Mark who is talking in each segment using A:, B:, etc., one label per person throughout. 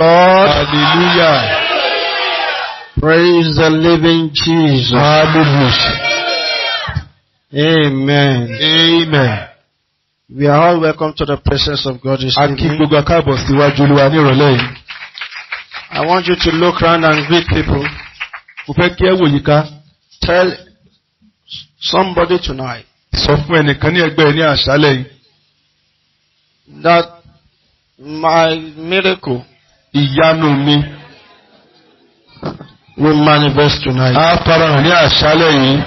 A: Lord. Hallelujah. Praise the living Jesus. Hallelujah. Amen. Amen. We are all welcome to the presence of God this evening. I want you to look around and greet people. Tell somebody tonight. That my miracle. ìyanu mi. will manifest tonight. a fara ní àṣálẹ̀ yìí.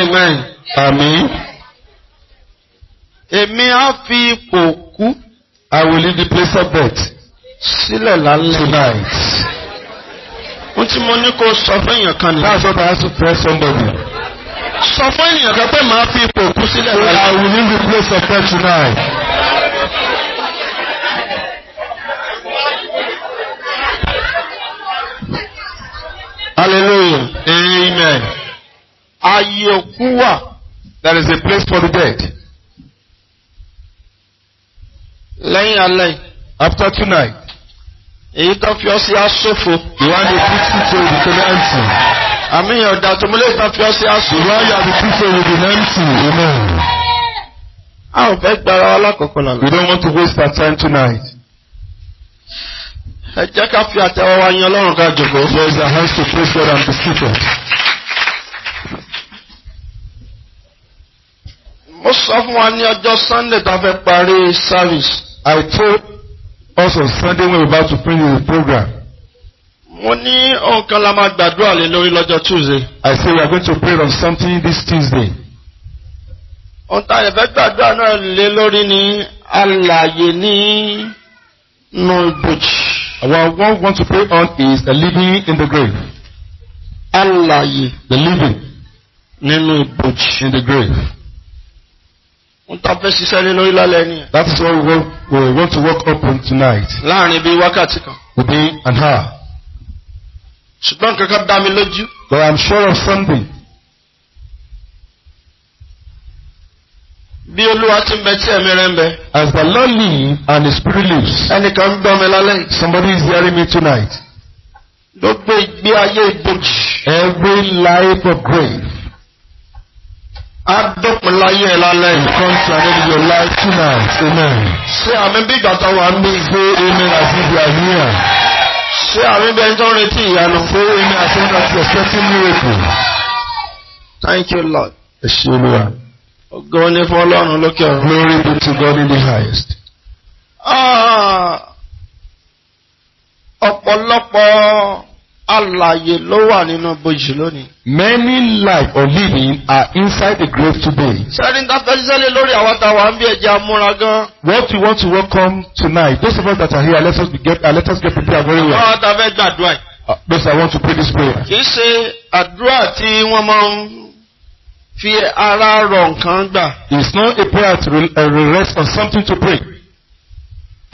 A: Amen. Àmín. Èmi á fi ipò kú. I will leave the place of death sílẹ̀ lálẹ́ tonight. Mo ti mo ní kó sọ fún èèyàn kan nìyẹn. That's what I have to tell somebody. Sọ fún èèyàn kan pé màá fi ipò òkú sílẹ̀ lálẹ́. I will leave the place of prayer tonight. Hallelujah. Amen. Ayé òkú wà. There is a place for the dead. Lẹ́yìn alẹ́. After tonight èyí tó fi ọ sí asòfo. the one they put people with an empty. àmì ọ̀dà tó múlẹ̀ tó fi ọ sí asòfo. the one you the people with an empty. a ò fẹ́ gbára alákọ̀ọ́kọ́ lọ́la. we don't want to waste our time tonight. ẹ jẹ́ ká fi àtẹ́wọ́ wa yan ọlọ́run ká jòkó. there is a house to pray for and to speak of. mo sọ fún wa ní ọjọ́ sunday tá a fẹ́ parí service. I told course of Sunday when we were about to finish the program. Mo ní ohun la máa gbàdúrà lé lórí lọ́jọ́ Tuesday. I say we are going to pray on something this Tuesday. Ohun tá a lè fẹ́ gbàdúrà náà lé lórí ni àlàyé ní nù ibojì. What we want to pray on is the living in the grave. Àlàyé. The living. Nínú ibojì. In the grave n ta ṣiṣẹ́ lé lórí ni. that is what we want, we want to work up on tonight. láàrin bíi wákàtí kan. within an hour. ṣùgbọ́n kankan dá mi lójú. but I am sure of something. bí olúwa ti ń bẹ tí ẹ̀mí rẹ̀ ń bẹ. as the Lord lives and his spirit lives. ẹnìkan gbọ́ mi lálẹ́ somebody is hearing me tonight. gbogbo ìgbé ayé ìbòjì. every life of grace á dọ̀pin láyé ẹ̀ lálẹ́ yìí. come to an end of your life tonight amen. ṣé àmì bí ìgbà táwọn àmì gbé amen as if you are here. ṣé àmì bẹ́ẹ̀ ń tọ́ retí ìyanu. say amen as if you are expecting miracle. thank you lord. ẹ ṣé olúwa. ògo ni fún ọlọ́run lókè ọ̀run. glory be to God in the highest. Ah, ọ̀pọ̀lọpọ̀. Ah, Àlàyé ló wà nínú bòjì lónìí. Many life or living are inside the grave today. Sẹ́ni Dáfẹ́sẹ́lẹ̀ lórí àwọn táwa ń bí ẹja gan. What we want to welcome tonight, those of us that are here, let us get, uh, let us get prepared very well. Àwọn àtàfẹ́ gbàdúrà yìí. Please, I want to pray this prayer. Kì í ṣe àdúrà tí wọ́n máa ń fi ara rọ nǹkan gbà. It's not a prayer to re uh, rest on something to pray.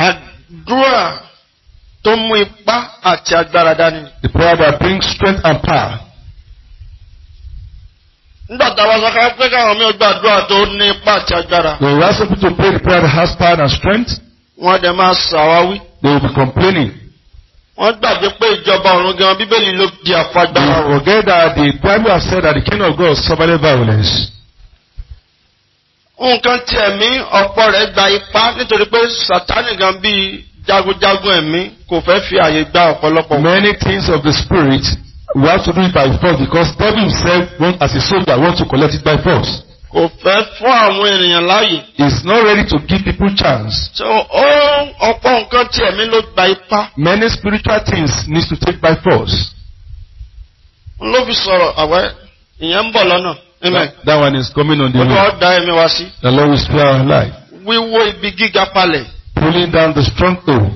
A: Àdúrà tó mú ipá àti agbára dání. The prayer that brings strength and power. Nígbà tá a wá sọ ká pé káwọn mi ò gbàdúrà tó ní ipá àti agbára. They will people to pray the prayer that has power and strength. Wọ́n dẹ̀ máa ṣàwáwí. They will be complaining. Wọ́n gbàgbé pé ìjọba ọ̀run gan Bíbélì ló di àfagbára. They forget the Bible has said that the King of God suffered violence nǹkan tí ẹ̀mí ọ̀pọ̀ rẹ̀ gba ipá nítorí pé sàtánì gan bíi jagunjagun ẹ̀mí kò fẹ́ fi àyè gba ọ̀pọ̀lọpọ̀. many things of the spirit we have to do by force because devil himself want as a soldier want to collect it by force. Kò fẹ́ fún àwọn ènìyàn láàyè. He is not ready to give people chance. So ó ọ̀pọ̀ nǹkan tí ẹ̀mí ló gba ipá. Many spiritual things need to take by force. N ló fi sọ̀rọ̀ àwẹ̀ ìyẹn ń bọ̀ lọ́nà. That, that one is coming on the way. Olúwa dá ẹ̀mí wá sí. The Lord is spare our life. Wíwó ibi gíga palẹ̀ pulling down the stronghold.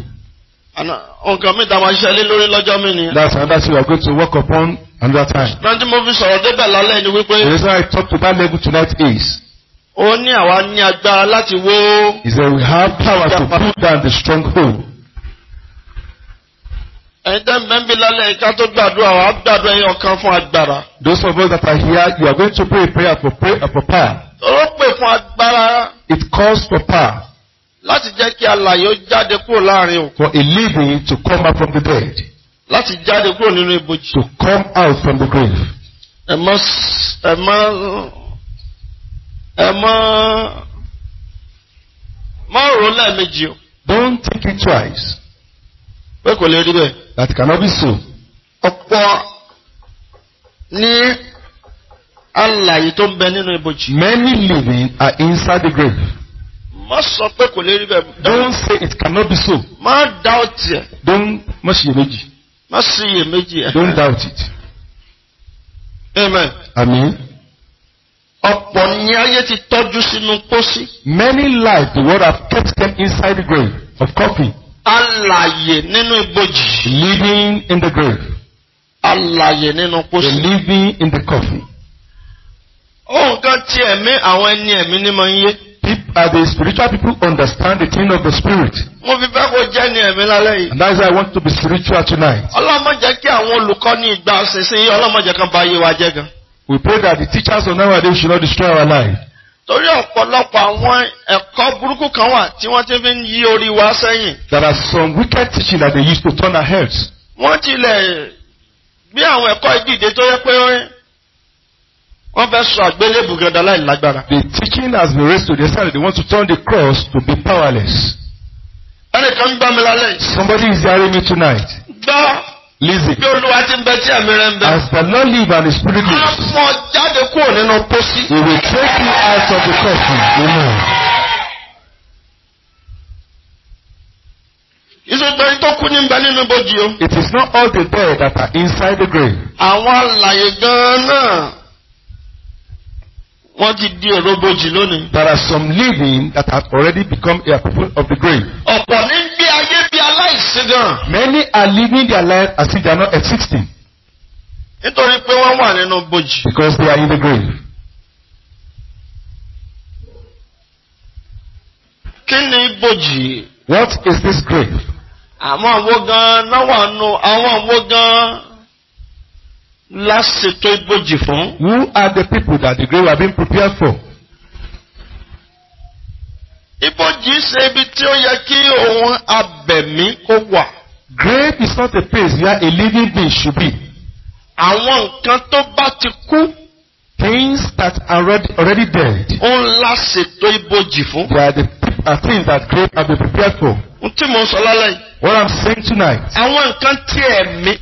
A: Àná nǹkan mi ta máa ṣiṣẹ́ lé lórí lọ́jọ́ mi ni. That's another thing we are going to work upon another time. Rántí mo fi sọ̀rọ̀ débẹ̀ lálẹ́ ni wípé. The reason I talk to that level tonight is. Ó ní àwa ní agbára láti wó. Is that we have power to pull down the stronghold. Ẹ̀dá mẹ́bí lálẹ́ ká tó gbàdúrà wá gbàdúrà yẹn ọ̀kan fún agbára. Those of us that are here, you are going to pray a prayer for prayer for power. Ó pè fún agbára. It calls for power láti jẹ́ kí alààyè jáde kúrò láàrin òkú. for a living to come out from the dead. láti jáde kúrò nínú ibojì. to come out from the grave. ẹ mọ ẹ mọ ẹ mọ má rò lẹ́ẹ̀mejì o. don't take it twice. pé kò lè rí bẹ́ẹ̀. that cannot be so. ọ̀pọ̀ ní alààyè tó ń bẹ nínú ibojì. many living are inside the grave má sọ pé kò lè rí bẹ́ẹ̀. don't say it cannot be so. má doubt it. don't má ṣiyèméjì. má ṣiyèméjì ẹ. don't doubt it. amen. àmín. ọ̀pọ̀ ni ayé ti tọ́jú sínú pósí. many lives the world have kept them inside the grave of coffee. alààyè nínú ibojì. living in the grave. alààyè nínú pósí. living in the coffee. ohun kan tí ẹ̀mí àwọn ẹni ẹ̀mí ni mo ń yé uh, the spiritual people understand the thing of the spirit. Mo fi fẹ́ kó jẹ́ ní ẹ̀mí lálẹ́ yìí. And that's why I want to be spiritual tonight. Ọlọ́mọ kí àwọn olùkọ́ ní ìgbà sísìn ọlọ́mọ kan bá yé wa jẹ́ gan. We pray that the teachers of nowadays should not destroy our life. Torí ọ̀pọ̀lọpọ̀ àwọn ẹ̀kọ́ burúkú kan wà tí wọ́n ti fi ń yí orí wa sẹ́yìn. There are some wicked teaching that they use to turn our heads. Wọ́n tilẹ̀ gbé àwọn ẹ̀kọ́ ìdíje tó yẹ pé wọ́n fẹ́ sọ àgbélébù gàdá láì lágbára. the teaching has been raised to the extent that they want to turn the cross to be powerless. ẹnìkan ń gbá mi lálẹ́ yìí. somebody is hearing me tonight. gbọ́. Listen. Bí Olúwa ti ń bẹ tí ẹ̀mí rẹ̀ ń bẹ. As the Lord live and his spirit lives. A mọ̀ jáde kúrò nínú pósí. He will take you out of the coffin. Amen. Ìsọ̀tẹ̀yìn tó kú ní bẹ nínú o. It is not all the dead that are inside the grave. Àwọn alàyè gan-an náà wọ́n ti di èrò lónìí. there are some living that have already become a people of the grave. ọ̀pọ̀ ní gbé ayé bí aláìsí gan. many are living their life as if they are not existing. nítorí pé wọ́n wà nínú bojì. because they are in the grave. kí ni bojì. what is this grave. àwọn wo gan-an náwó àánú àwọn wo gan-an lásìtò ìgbòjì fún. Who are the people that the grave have been prepared for? Ìbòjì ṣe ibi tí ó yẹ kí òun abẹ̀mí kó wà. Grave is not a place where a living being should be. Àwọn nǹkan tó bá ti kú. Things that are already, already dead. Òun lásìtò ìbòjì fún. They are the are things that grave have been prepared for. N tí mo sọ lálẹ́ yìí. What I'm saying tonight. Àwọn nǹkan tí ẹ̀mí.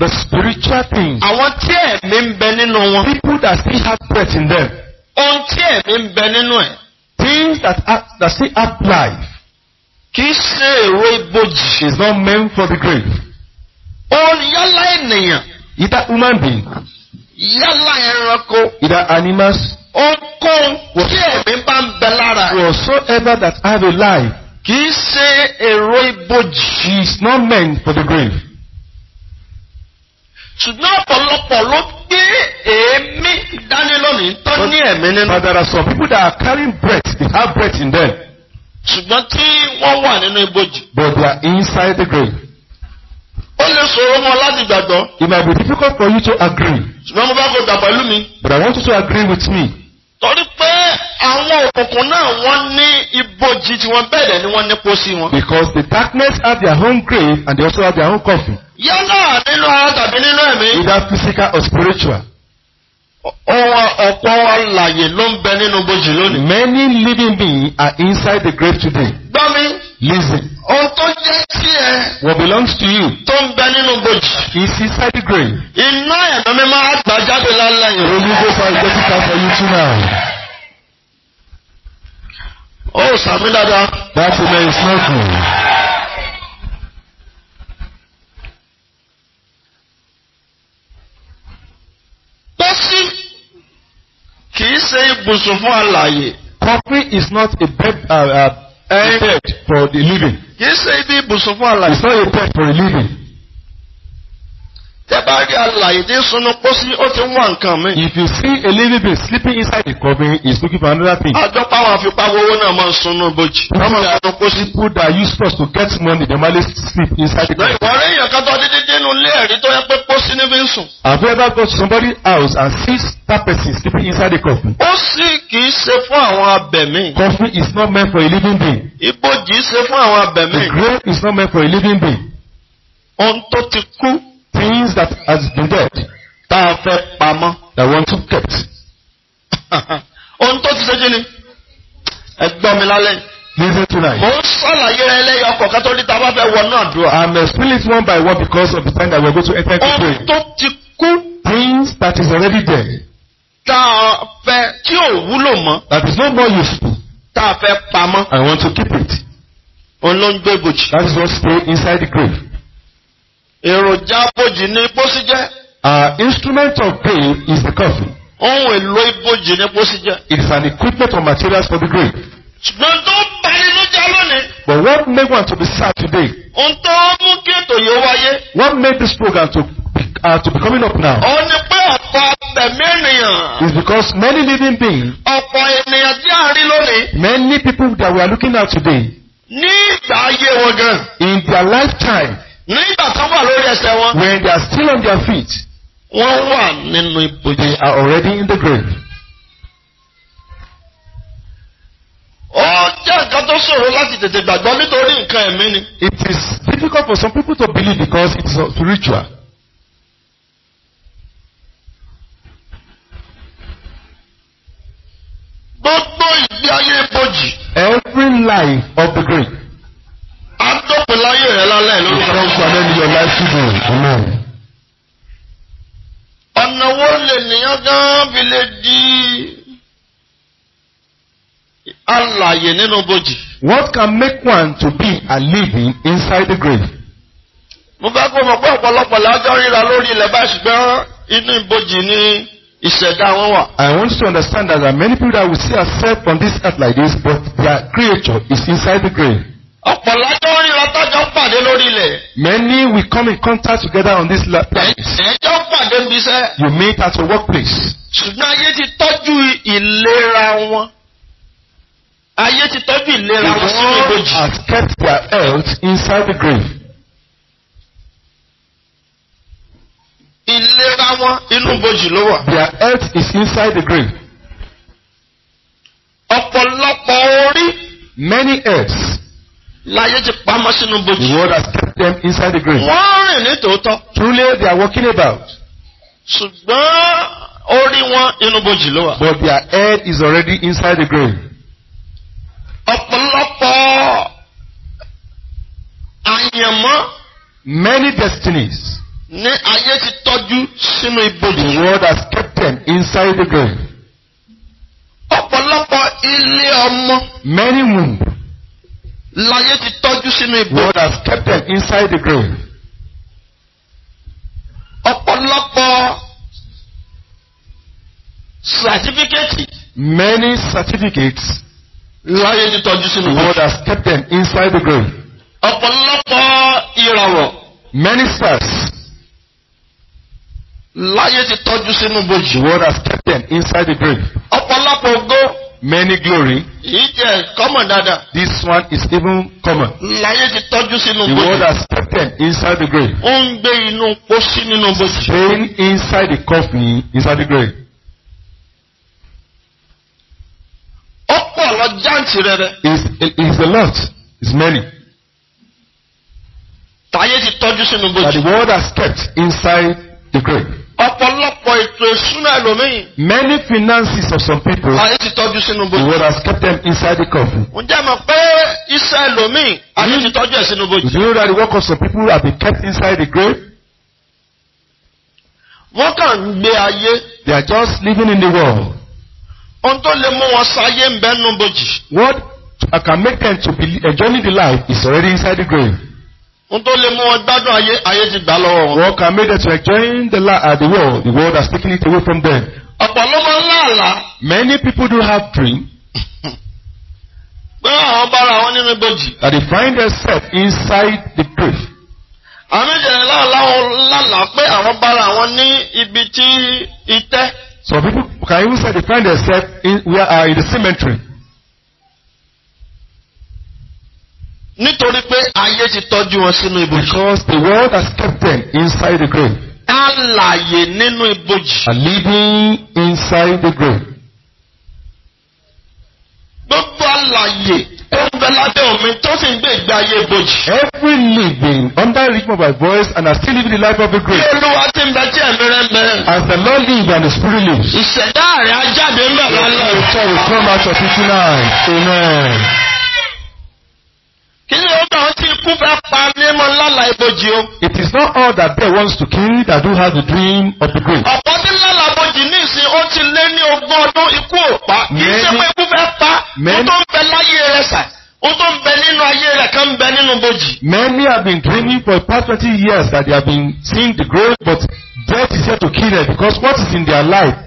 A: The spiritual things. Àwọn tí ẹ̀mí ń bẹ nínú wọn. People that still have breath in them. Ohun tí ẹ̀mí ń bẹ nínú ẹ̀. Things that, are, that still have life. Kì í ṣe èrò ibojì. Is not meant for the grave. Ó yálà ènìyàn. Either human being. Yálà ẹranko. Either animals. Ohunkóhun tí ẹ̀mí bá ń bẹ lára. Whatsoever that have a life. Kì í ṣe èrò ibojì. She is not meant for the grave ṣùgbọ́n ọ̀pọ̀lọpọ̀ ló gbé èémí ìdánilọ́nìí tó ní ẹ̀mí nínú. but there are some people that are carrying breath they have breath in them. ṣùgbọ́n tí wọ́n wà nínú ibojì. but they are inside the grave. ó lè ṣòro mọ́ láti gbàgbọ́. it might be difficult for you to agree. ṣùgbọ́n mo bá kó gbà pẹ̀lú mi. but I want you to agree with me. torí pé àwọn òkùnkùn náà wọ́n ní ibojì tí wọ́n bẹ̀rẹ̀ ni wọ́n ní pósí wọn. because the darkness have their own grave and they also have their own coffin. yálà nínú ara tàbí nínú ẹ̀mí. either physical or spiritual. Ohun ọ̀pọ̀ alàyè ló ń bẹ nínú bojì lónìí. Many living beings are inside the grave today. Gbọ́ mi. Listen. Ohun tó jẹ́ sí ẹ. What belongs to you. Tó ń bẹ nínú bojì. Is inside the grave. Iná ẹ̀mí mi máa gbà jáde lálẹ́ yìí. Olú go for ìgbésí for you too now. Ó oh, sàmì dáadáa. That woman is not good. ṣe ibùsùn fún alààyè. Coffin is not a bed, uh, uh, a bed for the living. Kì í ṣe ibi ibùsùn fún alààyè. It's not a bed for the living tẹ́bá rí alàyè tí ń sunu pósí ó ti ń wá nǹkan mi. if you see a living being sleeping inside the coffin he is looking for another thing. àjọ páwọn àfipáwowó náà máa ń sunu bojì. wọ́n máa ń sunu pósí. people that use trust to get money they always sleep inside the coffin. ìwọ rẹ̀ yàn kan tó dídí dínú ilé ẹ̀rí tó yẹ pé pósí ní fi ń sùn. have you ever go to somebody house and see that person sleeping inside the coffin. ó sì kì ṣe fún àwọn abẹ̀mí. coffin is not meant for a living being. ibojì ṣe fún àwọn abẹ̀mí. the grave is not meant for a living being. ohun tó ti kú things that has been dead tá a fẹ́ pamọ́ that want to kept. ohun tó ti ṣe jí ni ẹ gbọ́ mi lálẹ́ Listen tonight. Mo ń ṣàlàyé ẹlẹ́yọ kọ̀ọ̀kan tó ní ta bá fẹ́ wọ náà dùn. I'm explaining one by one because of the time that we are going to enter today. Ohun tó ti kú. Things that is already there. Tá a fẹ́ tí ò wúlò mọ́. That is no more useful. Tá a fẹ́ pamọ́. I want to keep it. Òun ló ń gbé gòjì. That is what stay inside the grave èròjà bòjì ní pósí jẹ́. our instrument of pain is the coffin. ohun èlò ibojì ní pósí jẹ́. it is an equipment or materials for the grave. ṣùgbọ́n tó bani ló jẹ́ lónìí. but what made one to be sad today. ohun tó mú kí ètò yìí wáyé. what made this program to uh, to be coming up now. ó ní pé ọ̀pọ̀ tẹ̀mí ènìyàn. is because many living beings. ọ̀pọ̀ ènìyàn tí a rí lónìí. many people that we are looking at today. ní ìgbà ayé wọn gan. in their lifetime. nígbà tí ẹsẹ̀ wọn. when they are still on their feet. wọ́n wà nínú ibojì. they are already in the grave. ó jẹ́ nǹkan tó ṣòro láti tètè gbàgbọ́ nítorí nǹkan ẹ̀mí ni. it is difficult for some people to believe because it is spiritual. gbogbo ìgbé ayé ibojì. every life of the grave á dópin láyé rẹ lálẹ́ lórúkọ. God shall end your life today. ọ̀nà wo lè nìyàn gan fi lè di alààyè nínú bòjì. What can make one to be a living inside the grave? mo fẹ́ kó mọ̀ pé ọ̀pọ̀lọpọ̀ lájọ́ ríra lórí ilẹ̀ báyìí ṣùgbọ́n inú ìbòjì ni ìṣẹ̀dá wọn wà. I want to understand that there are many people that will see ourselves on this earth like this but their creature is inside the grave ọ̀pọ̀lọpọ̀ ríra tọ́jọ́ pàdé lórí ilẹ̀. many we come in contact together on this planet. ẹ̀jọ́ pàdé ń bisẹ́. you meet at your workplace. ṣùgbọ́n ayé ti tọ́jú ìlera wọn. ayé ti tọ́jú ìlera wọn sínú ibojì. the world has kept their health inside the grave. ìlera wọn inú ibojì ló wà. their health is inside the grave. ọ̀pọ̀lọpọ̀ orí. many heads láyé ti pamọ́ sínú bòjì. the world has kept them inside the grave. wọ́n rìn ní tòótọ́. truly they are walking about. ṣùgbọ́n orí wọn inú bòjì ló wà. but their head is already inside the grave. ọ̀pọ̀lọpọ̀ àyànmọ́. many destinies. ní ayé ti tọ́jú sínú ibodè. the world has kept them inside the grave. ọ̀pọ̀lọpọ̀ ilé ọmọ. many wounds. Láyé ti tọ́jú sínú ibò. God has kept them inside the grave. Ọ̀pọ̀lọpọ̀ certificate. Many certificates. Láyé ti tọ́jú sínú ibò. God has kept them inside the grave. Ọ̀pọ̀lọpọ̀ ìràwọ̀. Many stars. Láyé ti tọ́jú sínú ibojì. God has kept them inside the grave. Ọ̀pọ̀lọpọ̀ ògo many glory. Èyí jẹ́ common dada. This one is even common. Láyé ti tọ́jú sínú bòjì. The word has kept inside the grave. Ó ń gbé inú pósí nínú bòjì. Staying inside the coffin inside the grave. Ó pọ̀ lọ jáǹtì rẹ̀rẹ̀. It's a lot. Is many. Táyé ti tọ́jú sínú bòjì. That the word has kept inside the grave ọ̀pọ̀lọpọ̀ ètò ìṣúná ẹlòmíì. many finances of some people. ayé ti tọ́jú sínú bòjì. the world has kept them inside the coffin. ǹjẹ́ mọ̀ pé iṣẹ́ ẹlòmíì ayé ti tọ́jú ẹ̀ sínú bòjì. do you know that the work of some people have been kept inside the grave. wọ́n kàn ń gbé ayé. they are just living in the world. ohun tó lè mú wọn sáyé ń bẹ́ẹ̀ nú bòjì. what can make them to be enjoying the life is already inside the grave n tó lè mú wọn gbádùn ayé ayé ti gbà lọ́wọ́ wọn. What can make them to enjoy the la uh, the world the world has taken it away from them. ọ̀pọ̀ ló máa ń lá Many people do have dream. pé àwọn bára wọn nínú ibojì. that they find themselves inside the grave. àwọn méjèèjì láwọn lálàá pé àwọn bára wọn ní ibi tí itẹ́. Some people can even say they find themselves in, where, uh, in the cemetery. nítorí pé ayé ti tọ́jú wọn sínú ibojì. because the world has kept them inside the grave. alààyè nínú ibojì. are living inside the grave. gbogbo alààyè ẹgbẹ́ lábẹ́ omi tó sì ń gbé ìgbé ayé ibojì. every living under the rhythm of my voice and are still living the life of the grave. olúwa ti ń bẹ tí ẹ̀mí rẹ̀ ń as the Lord lives and the spirit lives. ìṣẹ̀dá rẹ̀ á jáde ń bẹ̀ lálẹ́. the story come out of it tonight. amen. Kì í ṣe ọjọ́ tí ikú fẹ́ pa ní mọ ibojì o. It is not all that death wants to kill that do have the dream of the grave. Ọ̀pọ̀ tí lálà ibojì ní ìsìn ó ti lé ní ogún ọdún ikú ò pa. Kì ṣe pé ikú fẹ́ pa. Ó tó ń bẹ láyé rẹ̀ sà. Ó tó ń bẹ nínú ayé rẹ̀ kan ń bẹ nínú ibojì. Many have been dreaming for the past twenty years that they have been seeing the grave but death is yet to kill them because what is in their life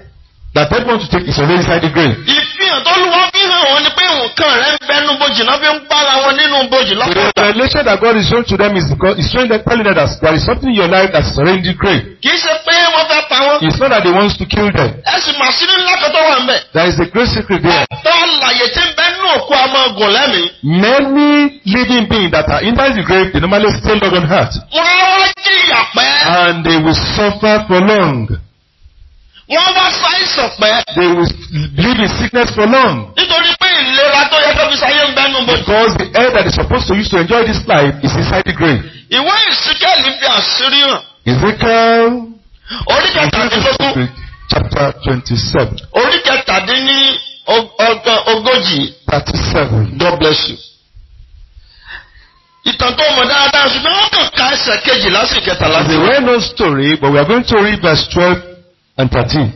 A: That they want to take is already inside the grave. Ìfihàn tó lù wọ́n fi hàn wọ́n ni pé nǹkan rẹ̀ ń bẹnu bojì náà fi ń gbára wọn nínú bojì lọ́pọ̀. The revelation that God is showing to them is because it's showing them telling them that there is something in your life that is already in the grave. Kì í ṣe pé wọ́n fẹ́ pa wọ́n. It's not that they want to kill them. Ẹ̀sìn màsínì ńlá kan tó wà ń bẹ̀. There is a great secret there. Ẹ̀tọ́ àlàyé tí ń bẹ òkú ọmọ ọgùn lẹ́mìí. Many living beings that are inside the grave they normally stay long on earth. Wọ́n wá jìyà pẹ́. And they will suffer for long. Wọ́n wá ṣàìsàn pẹ́. They will live in sickness for long. Nítorí pé ìlera tó yẹ kó fi ṣayé ń bẹ́nu bò. Because the air that is supposed to use to enjoy this life is inside the grave. Ìwé ìsíkẹ́lì fi àṣírí hàn. Ezekiel. Chapter twenty-seven. Orí kẹtàdínní ogójì. Thirty-seven. God bless you ìtàn tó mọ̀ dáadáa ṣùgbọ́n wọ́n kàn ká ẹsẹ̀ kejì lásìkò kẹtàlá. It's a well known story but we are going to read verse twelve and thirteen.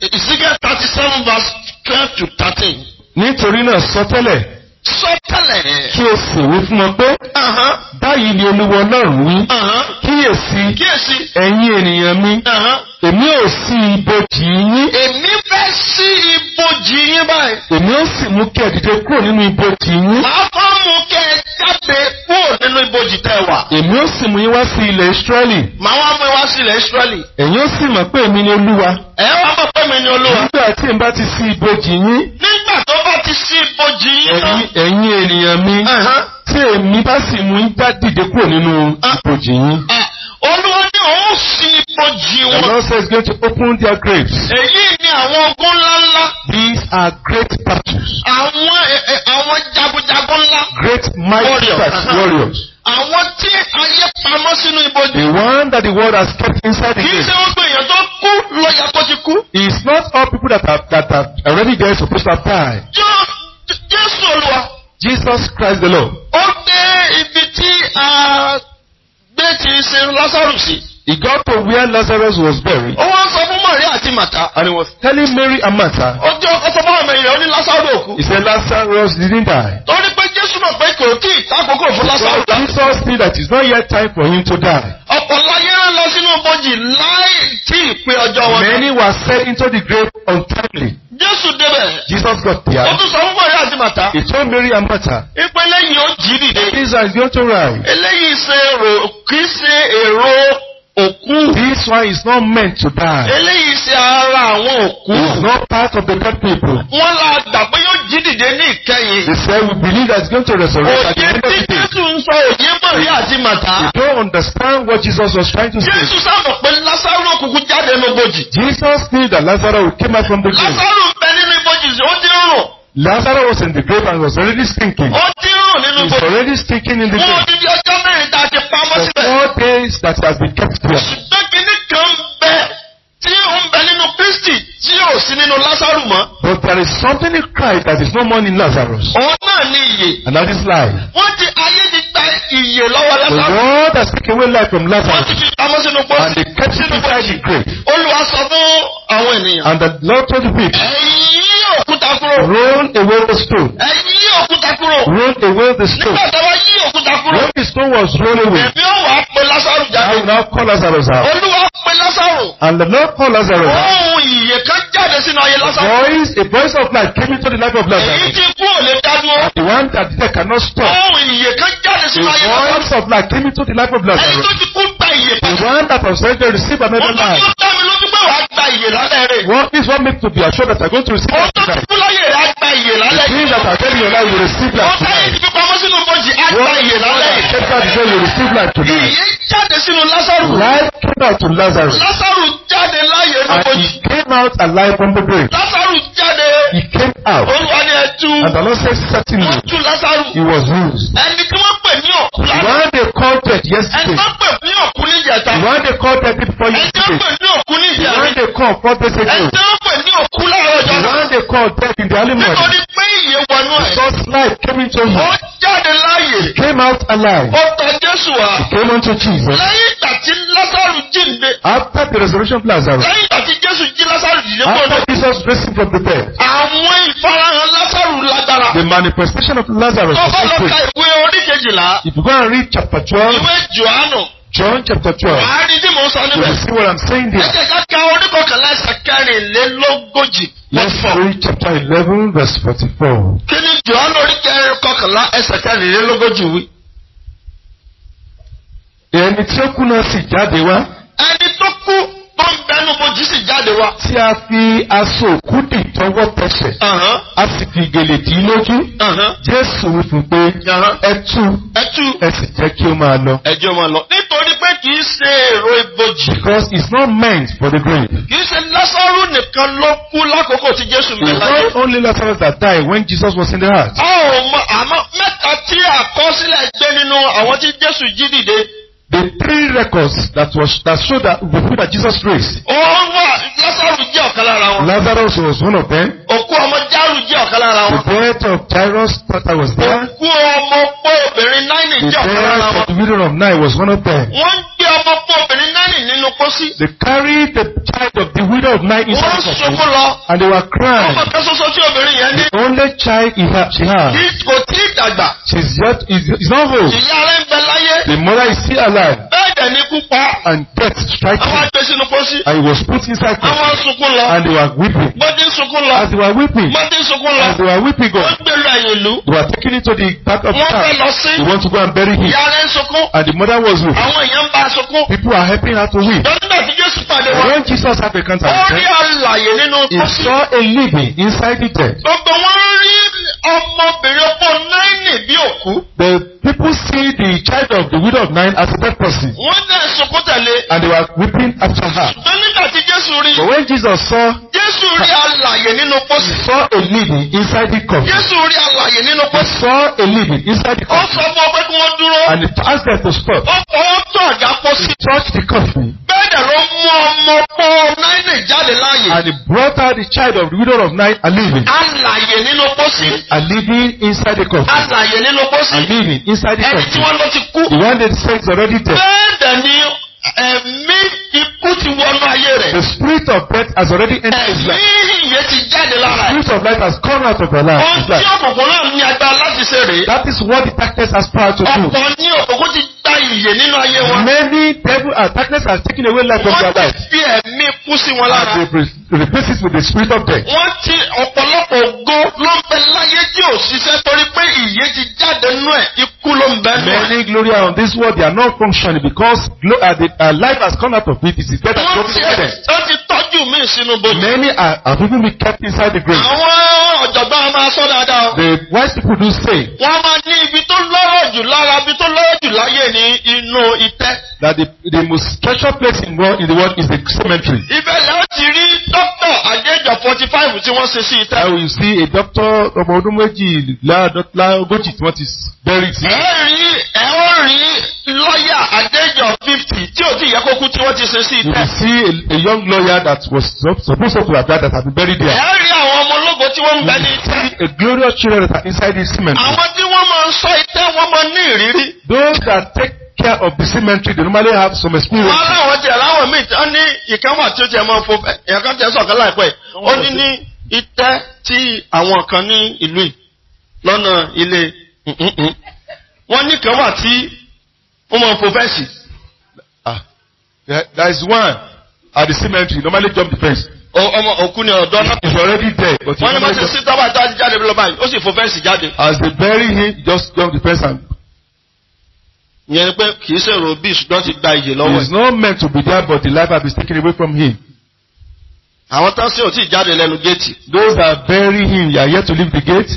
A: Ezekiel thirty seven verse twelve to thirteen. Nítorí náà sọ tẹ́lẹ̀. Sọ tẹ́lẹ̀. Kí o sì wí fún wọn pé. Báyìí ni Olúwa Ọlọ́run wí. Kíyèsí. Kíyèsí. Ẹ̀yin ènìyàn mi. Èmi ò sí ibojì yín. Èmi fẹ́ sí ibojì yín báyìí. Èmi ó sì mú kí ẹ dìde kúrò nínú ibojì yín. Màá fọ́ mú kí ẹ jáde kúrò nínú ibojì tẹ wà. Èmi ó sì mú yín wá sí ilẹ̀ Ísírẹ́lì. Màá wá mú yín wá sí ilẹ̀ Ísírẹ́lì. Ẹ̀yin ó sì mọ̀ pé èmi ni Olúwa. Ẹ wá mọ̀ pé èmi ni Olúwa. Nígbà tí n bá ti sí ibojì yín. Nígbà tó bá ti sí ibojì yín náà. Ẹ̀yin ènìyàn mi. Tí èmi bá sì mú yín dá Olúwa ní sì ibojì wọn. The Lord says going to open their graves. Èyí ni àwọn ogun ńláńlá. These are great battles. Àwọn àwọn jagunjagun ńlá. Great mighty warriors. Àwọn tí ayé pamọ́ sínú ibojì. The one that the world has kept inside the grave. Kì í ṣe gbogbo èèyàn tó kú lọ́yà tó ti kú. It's not all people that are that are already there supposed to die. died. Jésù Olúwa. Jesus Christ the Lord. Ó dé ibi tí ah, gbé ti ṣe Lazarus sí. He got to where Lazarus was buried. Ó wá sọ fún Mary àti Martha. And he was telling Mary and Martha. Ó jẹ́ fún àmì rẹ̀ ó ní Lazarus òkú. He said Lazarus didn't die. Torí pé Jésù mọ̀ pé kò tí ì tákòókò fún Lásàrò dá. But Jesus knew that it's not yet time for him to die. Ọ̀pọ̀ láyé ń lọ sínú bọ́jì láì tí ì pé ọjọ́ wọn. Many were sent into the grave untimely. Jésù débẹ̀. Jesus got there. Ó tún sọ fún Mary àti Màtá. He told Mary and Martha. Ipe lẹ́yìn ó jí dìde. Jesus is going to rise. Eléyìí ṣe èrò kì í ṣe èrò òkú. This one is not meant to die. Eléyìí ṣe ara àwọn òkú. It's not part of the dead people. Wọ́n la gbà yóò jí dìde ní ìkẹyìn. They say we believe that it's going to resurrect at the end of the day. Òye tí Jésù ń sọ òye Màrí àti Màtá. You don't understand what Jesus was trying to say. Jésù sábà pé Lásárù òkùnkùn jáde nínú ibojì. Jesus knew that Lazarus came out from the grave. Lásárù ń bẹ nínú ibojì, ó ti rùn. Lazarus was in the grave and was already stinking. Ó ti nínú gbogbo. He already stinking in the grave. Wọ́n di ọjọ́ mẹ́rin tá a ti pamọ́ síbẹ̀. For four days that has been kept there. Ṣùgbọ́n kìíní kan bẹ tí ó ń bẹ nínú Kristi tí ò sí nínú Lazarus mọ́. But there is something in Christ that is no more in Lazarus. Òun náà ní iye. And that is life. Wọ́n ti ayé ti gba iye lọ́wọ́ Lazarus. The Lord has taken away life from Lazarus. Wọ́n ti fi pamọ́ sínú gbọ́dọ̀. And they kept him inside the grave. Olúwa sọ fún àwọn ènìyàn. And the Lord told the people òkúta kúrò. roll away the stone. ẹ yí òkúta kúrò. roll away the stone. nígbà tí wọ́n yí òkúta kúrò. when the stone was rolled away. èmi ò wá pe Lásárù jáde. I will now call Lazarus out. olúwa pe Lásárù. and the Lord called Lazarus out. ohun ìyè kan jáde sínú ayé Lásárù. voice a voice of life came into the life of Lazarus. èyí tí kú ò lè dá dúró. the one that death cannot stop. ohun ìyè kan jáde sínú ayé Lásárù. the voice of life came into the life of Lazarus. ẹni tó ti kú gba ìyè padà. the one that was ready to receive another life. ó tó tó dá wàá gba ìyè this one makes to be assured that I go to receive that tonight. Òun that I tell you now you receive that tonight. Ọ̀sẹ̀ ìdìbò receive that tonight. Ìyè came out to Lazarus. Lásàrù jáde láyè ní And he came out alive from the grave. Lásàrù jáde. He came out. Olúwa ni And the Lord said certainly. Wọ́n tú He was loose. Ẹni tí wọ́n pè ní òkú lánàá. When they called it yesterday. Ẹni tí wọ́n pè ní òkú níjẹta. When they called it before yesterday. Ẹni tí wọ́n pè ní call four days ago. ẹ jẹ́ pé ní òkú láàárọ̀ ọjọ́ náà. when they call death in the early morning. nítorí pé ìyè wọnú ẹ̀. God's life came into him. ó jáde láàyè. he came out alive. ó tọ̀ Jésù wá. he came unto Jesus. lẹ́yìn ìgbà tí Lásàrù jíǹde. after the resurrection of Lazarus. lẹ́yìn ìgbà tí Jésù jí Lásàrù jíǹde kúrò. after Jesus raised from the dead. àwọn ìfarahàn Lásàrù lágbára. the manifestation of Lazarus tó bá lọ ka ìwé oníkejìlá. if you go and read chapter twelve. ìwé Jòhánù. John chapter twelve. Wàá rí mò ń sọ níbẹ̀. You see what I'm saying there. Ẹ jẹ́ ká ka oníkọ̀kànlá ẹsẹ̀ kẹrìnlélógójì.
B: Let's read
A: chapter eleven verse forty-four. Kí ni John orí kọkànlá ẹsẹ̀ kẹrìnlélógójì wí? Ẹni tí ó kú náà sì jáde wá. Ẹni tó kú tó ń bẹnu bojú sì jáde wá. tí a fi aṣọ òkú dì tọwọ́ tẹsẹ̀ a sì fi gèlè dì í lójú jésù wípé pé ẹ tú ẹ sì jẹ́ kí ó máa lọ. ẹ jẹ́ ó máa lọ nítorí pé kì í ṣe èrò ibojì. because it's not meant for the grave. kì í ṣe lásàrú nìkan ló kú lákòókò tí jésù mi láyé. it's only Lazarus that died when Jesus was in the heart. a ò mọ àmọ́ mẹ́ta tí àkọsílẹ̀ gbé nínú àwọn tí jésù jí dìde the three records that was that show that the food that Jesus raised. ó wà Lazarus jẹ́ ọ̀kan wọn. Lazarus was one of them. òkú ọmọ Jairu jẹ́ ọ̀kan lára wọn. the death of Jairus' daughter was there. òkú ọmọ pọ̀ obìnrin náírà jẹ́ ọ̀kan lára wọn. the death of the widow of Nain was one of them. wọ́n gbé ọmọ pọ̀ obìnrin náírà. Naomi nínú pósí. They carried the child of the widow of Naomi inside the coffin. Wọ́n And they were crying. Ọmọ kan ṣoṣo tí obìnrin yẹn ní. The only child he had, she had. Kò tí ì dàgbà. She is yet is not old. Ìyá rẹ̀ ń bẹ láyé. The mother is still alive. Bẹ́ẹ̀ dẹ̀ ni kú And death strike him. Àwọn àgbẹ̀ sínú pósí. And he was put inside coffin. Àwọn sunkún lọ. And they were weeping. Bọ́dé sunkún lọ. As they were weeping. Bọ́dé sunkún lọ. As they were weeping go. Wọ́n gbèrú ẹ̀yìn ìlú. They were taking it to the part of town. Wọ́n fẹ́ lọ sí. They want to go and bury him. Ìyá And the mother was weeping. People are helping her that week. When Jesus had encounter with them. He saw a living inside the dead. The people see the child of the widow of nine as a dead person. And they were weeping after her. Ṣùgbọ́n But when Jesus saw rí alàyè nínú pósí. he saw a lady inside the coffin. Jésù rí alàyè nínú pósí. he saw a lady inside the coffin. ó sọ fún ọ pé kí wọ́n dúró. and he asked them to stop. ó kọ́ àga pósí. he touched the coffin. bẹ́ẹ̀ ló mú ọmọ pọ́ náírà jáde láàyè. and he brought out the child of the widow of nine and living. nínú pósí. and living inside the coffin. alàyè nínú pósí. and living inside the coffin. ẹni tí wọ́n lọ ti kú. the one that says already dead. bẹ́ẹ̀ dẹ̀ ni Ẹ̀mí ikú ti wọnú ayé rẹ̀. The spirit of death has already entered his life. Ẹ̀mí ìyè ti jáde lára The spirit of life has come out of her life. Ohun tí òkùnkùn náà ní agbára láti ṣe rèé. That is what the darkness has power to do. Ọ̀pọ̀ ní òkùnkùn ti gba ìyè nínú ayé wọn. Many devil and uh, darkness has taken away life from their life. Wọ́n ti fi ẹ̀mí kú sí wọn lára replaces with the spirit of death. wọ́n ti ọ̀pọ̀lọpọ̀ ògo ló ń bẹ láyé tí ò ṣiṣẹ́ torí pé ìyè ti jáde nú ẹ̀ ikú ló ń bẹ nú many glory are on this world they are not functioning because uh, the, uh, life has come out of it it is better to go to wọ́n ti tọ́jú mi sínú bòjú. many are are people be kept inside the grave. àwọn ọ̀jọ̀gbọ́n a máa sọ dáadáa. the wise people do say. wọ́n máa ní ibi tó lọ́rọ̀ jù lára ibi tó lọ́rọ̀ jù láyé ní inú itẹ́. that the the most special place in the world is the cemetery. ibẹ̀ láti rí tọ́ doctor at age of forty five tí wọ́n ṣe sí ìta. I will see a doctor ọmọ ọdún méjìlá ogójì tí wọ́n ti bẹ́rì sí. ẹ rí ẹ ó rí lọ́yà at age of fifty tí ò tí yẹ kó kú tí wọ́n ti ṣe sí ìta. You will see a, a young lawyer that was supposed to have died that had been buried there. ẹ rí àwọn ọmọ ológo tí wọ́n ń bẹ ní ìta. You will see a glorious children that are inside this cement. àwọn tí wọ́n máa ń sọ ìtẹ́ wọ́n máa ní ìrírí. Those that take care of the cemetery they normally have some experience. wọ́n rà wọ́n tiẹ̀ láwọn míì tí wọ́n ní ìkẹ́wọ̀n tí ó tiẹ̀ máa ń fo ẹ̀yàn kan tiẹ̀ sọ̀kan láìpẹ́ ó ní ní itẹ́ tí àwọn kan ní ìlú yìí lọ́nà ilé wọ́n ní kan wà tí wọ́n máa ń fo there is one at the cemetery normally jump the fence. ọmọ òkú ni ọ̀dọ́ náà. he is already there, but he normally jump. wọ́n ní wọ́n ti sí tábà jáde lọ báyìí ó sì fo fẹ́ǹsì jáde. as they bury him he just jump the fence and ìyẹn pé kì í ṣèrò bí ṣùgbọ́n ti gba iyè lọ́wọ́ ẹ̀. is not meant to be there but the life have been taken away from him. àwọn tán sí ò tí ì géètì. those that bury him they are yet to leave the gate.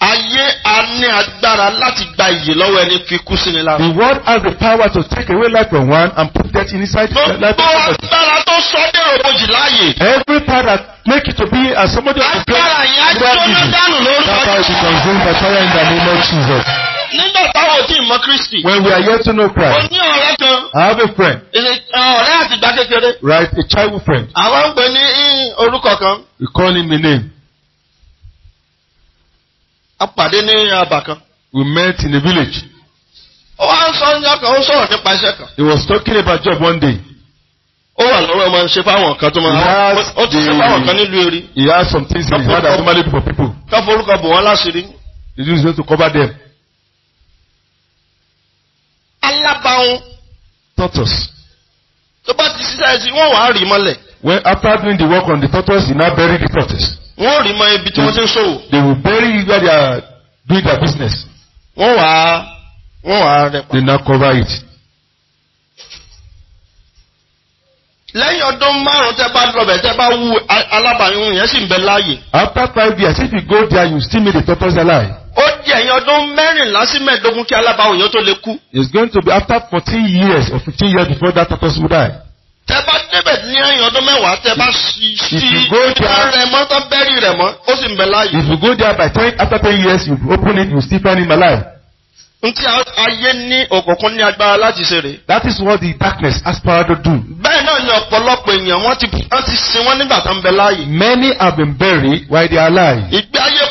A: ayé a ní agbára láti gba iyè lọ́wọ́ ẹni fi kú sí ni lára. the world has the power to take away life from one and put death inside the life of somebody. gbogbo agbára tó sọ dé òbòjì láàyè. every part that make it to be as somebody of the agbára yẹn á jóná dànù lórúkọ jù. that power is consumed by fire in the name of Jesus. Nígbà táwọn ò tí ì mọ Kristi. When we are yet to know Christ. O ní ọ̀rẹ́ kan. I have a friend. Uh, ọ̀rẹ́ àtìgbà kékeré. Right, a childhood friend. Àwọn ń pè ní orúkọ kan. We call him a name. A pàdé ní abà kan. We met in a village. Ó wá ń sọ ọ́njọ́ kan, ó sọ̀rọ̀ nípa iṣẹ́ kan. He was talking about job one day. Ó wà lọ́rọ̀ ọmọ ṣe fáwọn kan tó máa ó ti ṣe fáwọn kan nílùú eré. He has some things in his heart that normally for people. Ká forúkọ bò wọ́n láṣìírí. He used to cover them alábàáhùn. tortoise. tó bá ti ṣiṣẹ́ sí wọ́n wàá rì mọ́lẹ̀. when after doing the work on the tortoise you now bury the tortoise. wọ́n rì mọ ibi tí wọ́n ṣe ń ṣòwò. they will bury where they are doing their business. wọ́n wàá wọ́n wàá rẹ̀ pa. they now cover it. lẹ́yìn ọdún márùn-ún bá lọ bẹ̀ tẹ́ bá wú alábàáyún yẹn sì ń bẹ láàyè. after five years if you go there you still meet the tortoise alive. ó di ẹ̀yìn ọdún mẹ́rìnlá sí mẹ́ẹ̀ẹ́dógún kí alábàáyún yẹn tó lè kú. it's going to be after fourteen years or fifteen years before that tortoise will die. tẹ́ bá débẹ̀ ní ẹ̀yìn ọdún mẹ́wàá tẹ́ bá sí sí rẹ̀ mọ́ tán bẹ́rì rẹ̀ mọ́ ó sì ń bẹ láàyè. if you go there by ten after ten years you open it you still find him alive. Ntí ayé ní òkùnkùn ní agbára láti ṣe rè. That is what the darkness has power to do. Bẹ́ẹ̀ náà ni ọ̀pọ̀lọpọ̀ èèyàn wọ́n ti wọ́n ti sin wọ́n nígbà tó ń bẹ láàyè. Many have been buried while they are alive. Ìgbé ayé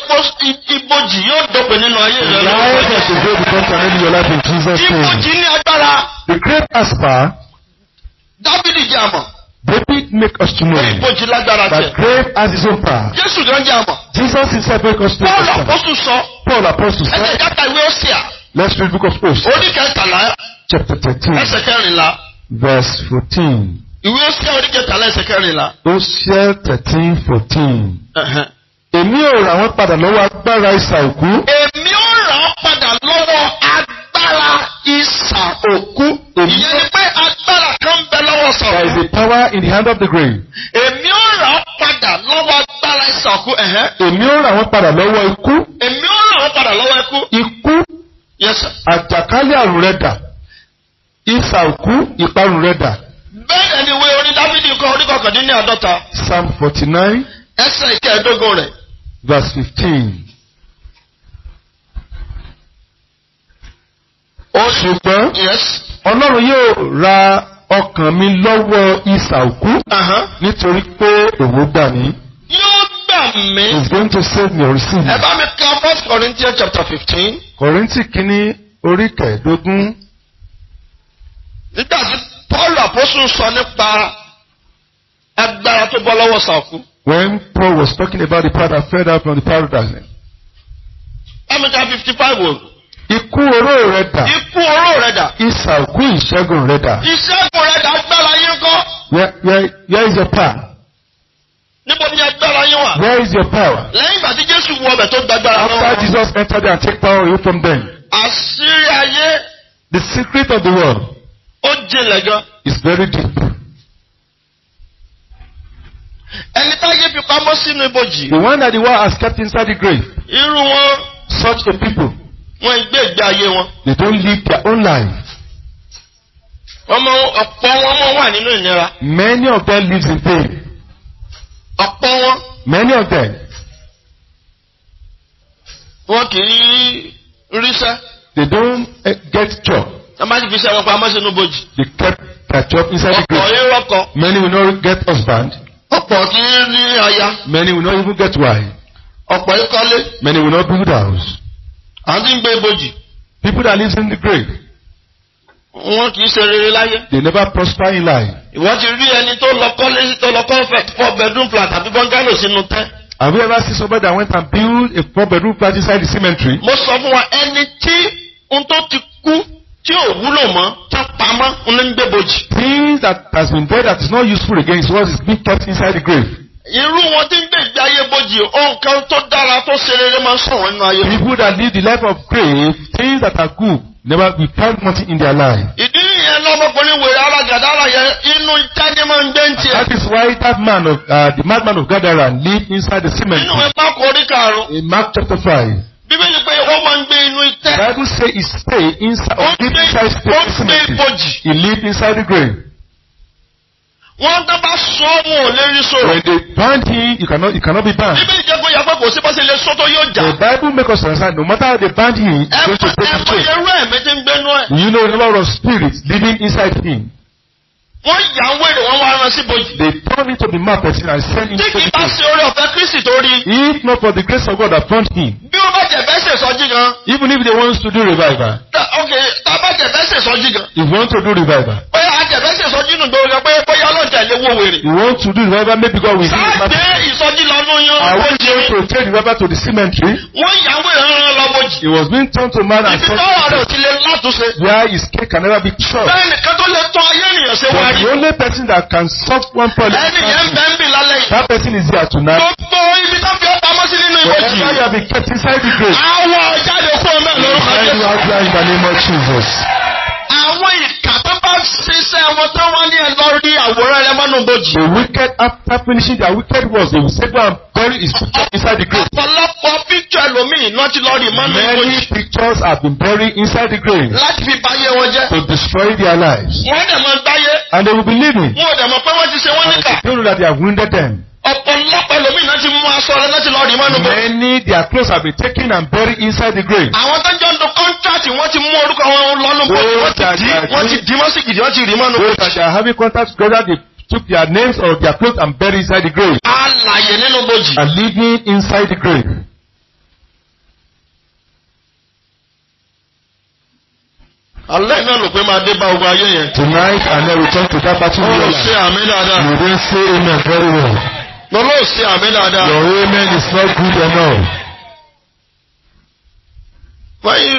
A: ibojì yóò dọ̀pẹ̀ nínú ayé rẹ̀. The life of the day becomes an end in your Jesus' name. Ibojì ní agbára. The great aspa. Dábìlì jẹ́ àmọ̀. David make us to know that grave has his own power. Jesus himself make us to know. Paul apostle sọ. Paul apostle sọ. Ẹ Let's read book of Hosea. Orí kẹtàlá. Chapter thirteen. Ẹsẹ̀ kẹrìnlá. Verse fourteen. Ìwé Hosea orí kẹtàlá ẹsẹ̀ kẹrìnlá. Hosea thirteen fourteen. Èmi ò rà wọ́n padà lọ́wọ́ agbára ìsà òkú. Èmi ò rà wọ́n padà lọ́wọ́ agbára ìsà òkú. Ìyẹn ni pé agbára kan ń bẹ lọ́wọ́ sọ̀rọ̀. There is a power in the hand of the grain. Èmi ò rà wọ́n padà lọ́wọ́ agbára ìsà òkú. Èmi ò rà wọ́n padà lọ́wọ́ ikú. Èmi ò rà wọ́n padà lọ́wọ́ ikú. Ikú. Yes sir. àjàkálẹ̀ àrùn rẹ̀ dà ìsàkú ìparun rẹ̀ dà. bẹ́ẹ̀ ni ìwé orin dáfídì kan orí kọkàndínní àádọ́ta. psalm forty nine. ẹsẹ̀ ìkẹẹ̀ẹ́dógún rẹ̀. verse fifteen. ó ṣùgbọ́n ọlọ́run yóò ra ọkàn mi lọ́wọ́ ìsàkú nítorí pé òun gbà mí. gbà is going to save me or receive me. ẹ bá mi ka first Corinthians chapter fifteen. Kọ̀rìntì kini orí kẹẹ̀dógún. nígbà tí Paul apostle sọ nípa agbára tó bọ́ lọ́wọ́ sàkú. when Paul was talking about the power that fell up from the paradise. Amika fifty five o. Ikú oró rẹ dà. Ikú oró rẹ dà. Ìsà ìṣẹ́gun rẹ dà. Ìṣẹ́gun rẹ dà agbára yín kọ́. Where where where is your power? Níbo ni agbára yín wà? Where is your power? Lẹ́yìn ìgbà tí Jésù wọ ọbẹ̀ tó gbàgbára lọ́wọ́. After Jesus entered there and take power away from them. Àṣírí ayé. The secret of the world. Ó jinlẹ̀ gan. It's very deep. Ẹni táyé fi pamọ́ sínú ibojì. The one that the world has kept inside the grave. Irú wọn. Such a people. Wọ́n gbé ìgbé ayé wọn. They don't live their own life. Ọmọ ọ̀pọ̀ wọn wà nínú ìnira. Many of them live in pain. Ọ̀pọ̀ wọn. Many of them. Wọn kì í ríṣẹ́. They don't uh, get job. Wọ́n máa ń fi iṣẹ́ wọn pamọ́ sínú bojì. They kept their job inside the grave. Ọ̀pọ̀ yín rọ́kọ. Many will not get husband. Ọ̀pọ̀ kì í ní aya. Many will not even get wife. Ọ̀pọ̀ yín kọ́lé. Many will not build house. Àwọn tí ń gbé ibojì. People that live in the grave. Wọn kì í ṣe rere láyé. They never prosper in life. Ìwọ ti rí ẹni tó lọ kọ́lé tó lọ kọ́fẹ̀ four bedroom flat àbí bọ́ngálò sínú tẹ́. Have you ever seen somebody that went and built a four bedroom flat inside the cemetery? Mo sọ fún wa ẹni tí ohun tó ti kú tí ò wúlò mọ́ tá pamọ́ ní gbèbojì. Things that has been there that is not useful again is what is being kept inside the grave. Irú wọn tí ń gbé ìgbé ayé bojì nǹkan tó dára tó ṣe rere máa ń sọ̀rọ̀ nínú ayé. People that live the life of grave things that are good never we find nothing in their life. ìdí nìyẹn lọ́mọkùnrin wèrè alágàdára yẹn inú jáde ń gbé ń tiẹ̀. that is why that man of uh, the madman of Gadara live inside the cement. nínú ẹgbẹ́ kọrí karùn-ún. in Mark chapter five. bíbélì pé ó máa ń gbé inú itẹ́. the Bible say he stay inside or live inside the cement. ó ń gbé ibojì. he live inside the grave wọ́n tó bá so mú o lè when they ban him you cannot you cannot be bound. bíbélì jẹ́ kó yà kò sí bó ṣe lè yóò jà. the bible make us understand no matter how they ban him. ẹ mọ ẹ mọ irú ń gbénú ẹ. you know the number of spirits living inside him wọ́n yà ń wèrè wọ́n wá rán sí they turn him to the mouth person and send him to the king. tí kì í bá ṣe orí ọ̀fẹ́ kristi tó rí. if not for the grace of God upon him. bí wọ́n bá jẹ bẹ́sẹ̀ sọ́jí gan. even if they want to do revival. ok tá a bá jẹ bẹ́sẹ̀ sọ́jí gan. if you want to do revival. bóyá a jẹ bẹ́sẹ̀ sọ́jí nù dórí pé bóyá ọlọ́jà lè wo wèrè. you want to do revival maybe God will heal you. sáà dé ìsọjí lọ́nú yan. I want you to take revival to the cemetery. wọ́n yà ń wèrè he was being turned to man and where his cake can never be The only person that can solve one problem. Ẹni yẹn bẹ́ẹ̀ ń lálẹ́ yìí. That person is here tonight. Gbogbo ibi tó fi ọ̀pá mọ́ nínú ìwé yìí. Whatever you have been kept inside the grave. Àwọ̀ jáde kúrò mẹ́rin lórúkọ Jésù. Thank you, Adúlá, in the name of Jesus àwọn ìkà tó bá ṣiṣẹ́ wọn tó wá ní ẹ lọ àwòrán rẹ mọ́nú bòjì. the wicked after finishing their wicked works they will say go and bury inside the grave. ọ̀pọ̀lọpọ̀ picture ẹlòmíì náà ti lọ rí mọ́nú bòjì. many pictures have been buried inside the grave. láti fi báyé wọn jẹ́. to destroy their lives. wọ́n dẹ̀ mọ̀ gbáyé. and they will be living. wọn dẹ̀ mọ̀ pé wọ́n ti ṣe wọ́n níkà. and they don't know that they have wounded them ọ̀pọ̀lọpọ̀ ẹlòmíì náà ti mú aṣọ rẹ̀ náà ti lọ rí mọ́nu bò. many their clothes have been taken and buried inside the grave. àwọn tó ń jọ ń do contract wọ́n ti mú orúkọ wọn lọ́nu bò wọ́n ti dì wọ́n ti dì mọ́sí gidi wọ́n ti rí mọ́nu bò. those that are having contract together They took their names or their clothes and buried inside the grave. alàyè nínú bojì. are living inside the grave. alẹ́ náà ló pé máa dé bá ogun ayé yẹn. tonight I never return to that battle. ó ṣe àmì dáadáa. you dey say amen very well. Bàbá ò ṣe àmì dáadáa. Your amen is not good enough. Why you,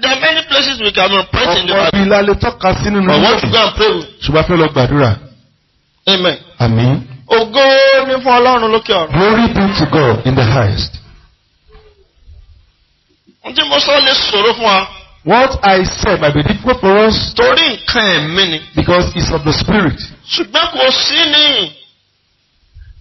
A: there are many places we can pray in the Bible. Ọkọ ìlà lè tọ́ka sínú náà. I want to go and pray. Ṣùgbọ́n fẹ́ lọ gbàdúrà. Amen. Àmín. Ògo ni fún Ọlọ́run lókè ọ̀run. Glory be to God in the highest. Ohun tí mo sọ lè ṣòro fún wa. What I said might be difficult for us. Torí nǹkan ẹ̀mí ni. Because it's of the spirit. Ṣùgbọ́n kò sí ní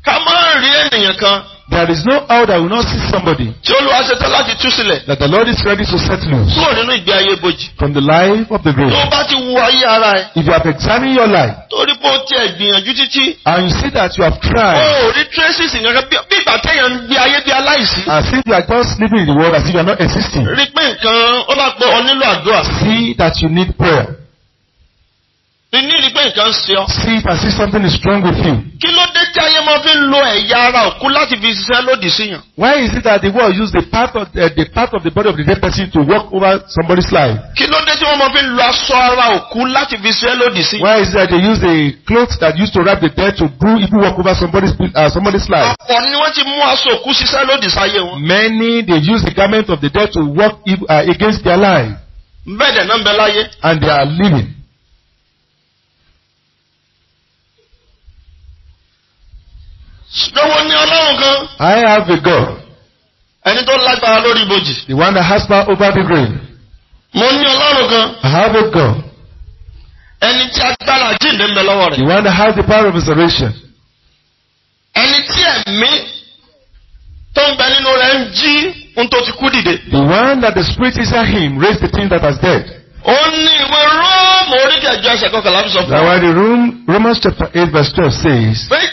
A: ká má rí ènìyàn kan. There is no how that will not see somebody. Tí Olúwa ṣe tán láti tú sílẹ̀. That the Lord is ready to set loose. Kúrò nínú ìgbé ayé bojì. From the life of the grave. Tó o bá ti wo ayé ara ẹ. If you have examined your life. Torí pé o tiẹ̀ gbìyànjú títí. And you see that you have tried. O ò rí traces nǹkan bí ìgbà téèyàn ń gbé ayé bí aláìsí. As if you are just living in the world as if you are not existing. Rí pé nǹkan ó bá gbọ́ ọ nílò àdúrà. See that you need prayer. Iní rí pé nǹkan ń ṣe ọ. See it as if something is strong with you. Kí ló dé tí ayé máa fi ń lo ẹ̀yà ara òkú láti fi ṣiṣẹ́ lòdì sí Why is it that the world use the part of uh, the part of the body of the dead person to walk over somebody's life? Kí ló dé tí wọ́n máa fi ń lo aṣọ ara òkú láti fi ṣiṣẹ́ lòdì sí? Why is it that they use the clothes that used to wrap the dead to do even walk over somebody's uh, somebody's life? Ọ̀pọ̀ ni wọ́n ti mú aṣọ òkú ṣiṣẹ́ lòdì sáyé wọn. Many they use the garment of the dead to walk uh, eh, against their life. Bẹ́ẹ̀ dẹ̀ náà ń bẹ láyé. And they are living. lọ́wọ́ ní ọlọ́run kan. I have a God. ẹni tó lágbára lórí ibojì. the one that has power over the grave. mo ní ọlọ́run kan. I have a God. ẹni tí agbára jíǹde ń bẹ lọ́wọ́ rẹ̀. the one that has the power of resurrection. ẹni tí ẹ̀mí tó ń bẹ nínú rẹ̀ ń jí ohun tó ti kú dìde. the one that the spirit is at him raised the thing that has dead. Ó ní ìwé Róòmù oríkẹ̀jọ ẹsẹ̀ kọkànlá fi sọ fún wa. Now the room, Romans chapter eight verse twelve says. Pé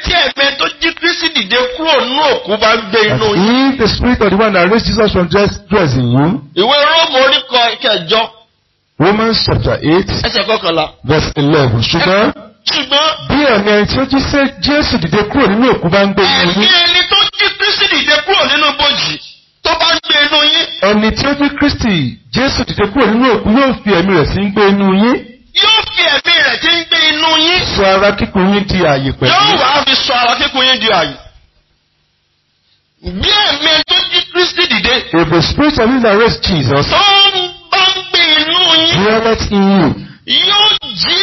A: Kristi dìde kúrò nínú òkú bá ń gbé inú yín. and if the spirit of the one that raised Jesus from death dwells in you. ìwé Róòmù orí kẹjọ. Romans chapter eight. ẹsẹ̀ kọkànlá. verse eleven ṣùgbọ́n. ṣùgbọ́n. bí ẹ̀mí ẹni tí ó jí sé Jésù dìde kúrò nínú òkú bá ń gbé inú yín. ẹ̀mí ẹni tó jí Kristi dìde kúrò nínú bòjì tó bá ń gbé inú yín. ẹni tí ó jí Kristi Jésù dìde kúrò nínú òkú yóò fi ẹ̀mí rẹ̀ sí ń gbé inú yín. yóò fi ẹ̀mí rẹ̀ sí ń gbé inú yín. sọ ara kíkún yín di àyè pẹ̀lú. yóò wá fi sọ àwọn akẹ́kọ̀ọ́ yẹn di ààyè. Bí ẹ̀mí tó jí Kristi dìde. If the spirit of you that raised Jesus. Tó ń bá ń gbé inú yín. Dwelleth in you. Yóò jí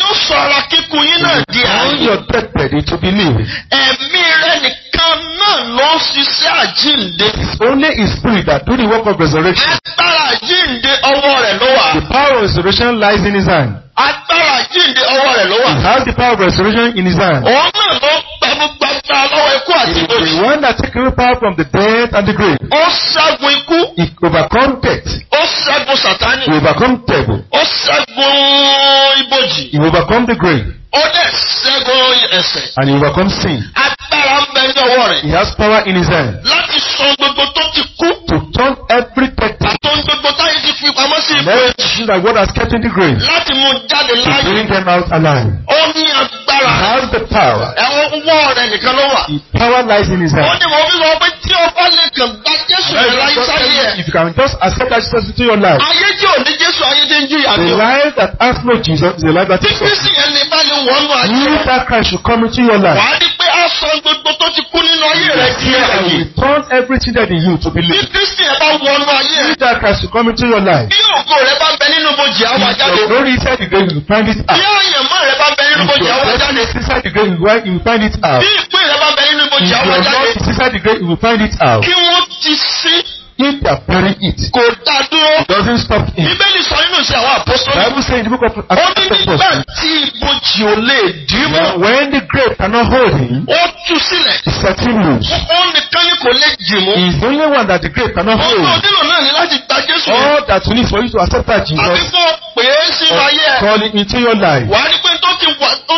A: yóò sọ àwọn akẹ́kọ̀ọ́ yẹn náà di ààyè. All your dead body to believe. Ẹ̀mí rẹ̀ nìkan nìkan náà ló ń ṣiṣẹ́ àjíǹde. It's only his spirit that do the work of resurrection. Agbára àjíǹde ọwọ́ rẹ̀ ló wà. The power of resurrection lies in his hand. Agbára àjíǹde ọwọ́ rẹ̀ ló wà. He has the power of resurrection in his hand. Òun náà ló gbẹ̀mú lọ́wọ́ ikú àti ìgbòho. The one that take real power from the dead and the grave. Ó ṣẹ́gun ikú. He overcome death. Ó ṣẹ́gun Sátánì. He overcome devil. Ó ṣẹ́gun ibojì. He overcome the grave. Ó dẹ̀ ṣẹ́gun ẹ̀ṣẹ̀. And he overcome sin. Agbára agbára ń bẹ ní ọwọ́ rẹ̀. he has power in his hand. láti sọ gbogbo tó ti kú. to turn every tactic. àtọ́n gbogbo táyé ti fi pamọ́ sí ìpè. let us see that God has kept in the grave. láti mú jáde láàyè. to bring them out alive. ó ní agbára. he has the power. ẹ̀wọ̀n ọwọ́ rẹ̀ nìkan ló wà. the power lies in his hand. ó ní mo fi sọ pé tí o bá lè kàn gba Jésù rẹ̀ láyé sáyé ẹ̀. if you can just accept that Jesus into your life. ayé tí ò Jésù ayé tí ń jú ìyá the life that has no Jesus is the life that is. títí sí ẹni bá ní wọ́n nù ayé. you that Christ should come into your life. wàá ní pé á sọ gbogbo gbogbo tó ti kú nínú ayé rẹ̀ di ẹ̀yìn. return everything that is you to believe. bí kristi ẹ bá wọnú ayé rẹ. if that has come into your life. bí ògo rẹ bá bẹ nínú bojì àwọn àjáde. your glory inside the grave you will find it out. bí àyànmọ́ rẹ bá bẹ nínú bojì àwọn àjáde. if your glory inside the grave you will find it out. bí ìpín rẹ bá bẹ nínú bojì àwọn àjáde. if your glory inside the grave you will find it out. kí wọ́n ti sí eat and bury it. Kò dá Doesn't stop him. Bíbélì sọ nínú ìṣe àwọn apostoli. Bible say in the book of Acts. Ó ní nígbà tí ibojì ò lè dín When the grave cannot hold him. Ó tú sílẹ̀. He set loose. Ó nìkan ni kò lè jì He is the only one that the grave cannot hold. Ó ní òdìlò náà ni láti gba Jésù. All that we need for you to accept that Jesus. Àbí kò pè é sínú ayé ẹ. Call it into your life. Wàá ní pé tó ti wà tó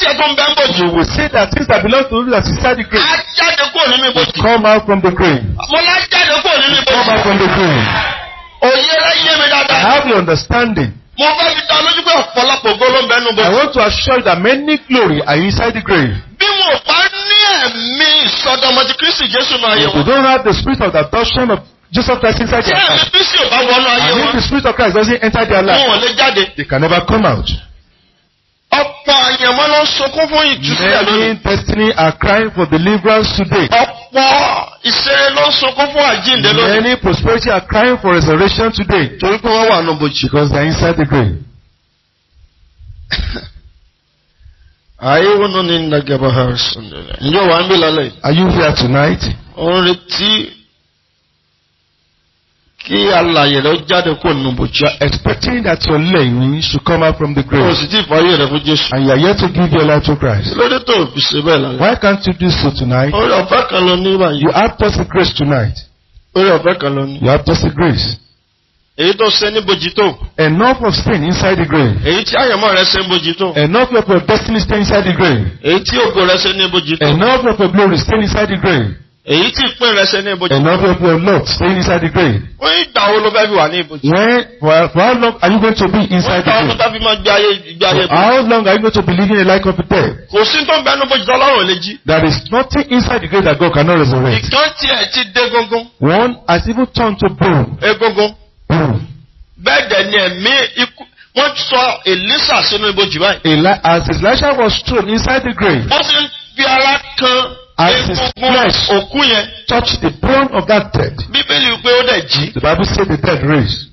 A: tiẹ̀ tó ń bẹ́ ń bòjì. you will see that things that belong to you that inside the grave. a kúrò nínú ibojì. come out from the grave. mo yá jáde kúrò nínú ibojì. come out from the grave. òye rẹ yé mi dáadáa. I have the understanding. Mo fẹ́ fi dá lójú pé ọ̀pọ̀lọpọ̀ ògo ló bọ̀. I want to assure you that many glory are inside the grave. Bí mo bá ní ẹ̀mí ìsọdọmọdé Kristi Jésù náà yẹ wọ́n. If you don't have the spirit of the adoption of Jesus Christ inside their heart. Ṣé ẹ̀mí Kristi ò bá wọnú ayé wọn? And if the spirit of Christ doesn't enter their life. Wọn ò lè jáde. They can never come out ọ̀pọ̀ àyànmọ́ ló ń sunkún fún ìtúsílẹ̀ lónìí. many destiny are crying for deliverance today. ọ̀pọ̀ ìṣeré ló ń sunkún fún àjíǹde lónìí. many prosperity are crying for resurrection today. torí pé wọ́n wà nù bojì. because they are inside the grave. ayé wọnú ni ndagẹ́bọ̀ harrison. ǹjọ́ wàá ń bí lálẹ́. are you here tonight? orin tí kí alàyè rẹ jáde kó nù bòjá. expecting that your lẹ́yìn should come out from the grave. Positive, sì rẹ fún Jésù. and you are yet to give your life to Christ. lórí tó fi ṣe bẹ́ẹ̀ lálẹ́. why can't you do so tonight? orí ọ̀fẹ́ kan lọ ní báyìí. you have possible grace tonight. orí ọ̀fẹ́ kan lọ ní. you have possible grace. Èyí tó ṣe ní bójútó. Enough of sin inside the grave. Èyí tí àyànmọ́ rẹ ṣe ń bójútó. Enough of your destiny stay inside the grave. Èyí tí ògo rẹ ṣe ní bójútó. Enough of your glory stay inside the grave. Èyí tí pín rẹ ṣe ní ibojì. A lot of people were not staying inside the grave. Wọ́n ìgbà wo ló fẹ́ fi wà ní ibojì? When for, how long are you going to be inside the grave? Wọ́n ìgbà wo ló fẹ́ fi máa gbé ayé gbé ayé bọ̀? How long are you going to be living a life of death? Kò sí tó ń bẹ níbojì tó Ọlọ́run lè jí. There is nothing inside the grave that God cannot resurrect. Ìkan tiẹ̀ ti dé gógó. One has even turned to bone. Egungun. Bone. Bẹ́ẹ̀ dẹ̀ ni ẹ̀mí ikú wọ́n sọ Elisa sínú ibojì báyìí. as Elisha was thrown inside the grave. Wọ́n ti fi ara kan egungun òkú yẹn. touch the bone of that dead. bíbélì pé ó dẹ̀ jí. the bible say the dead raised.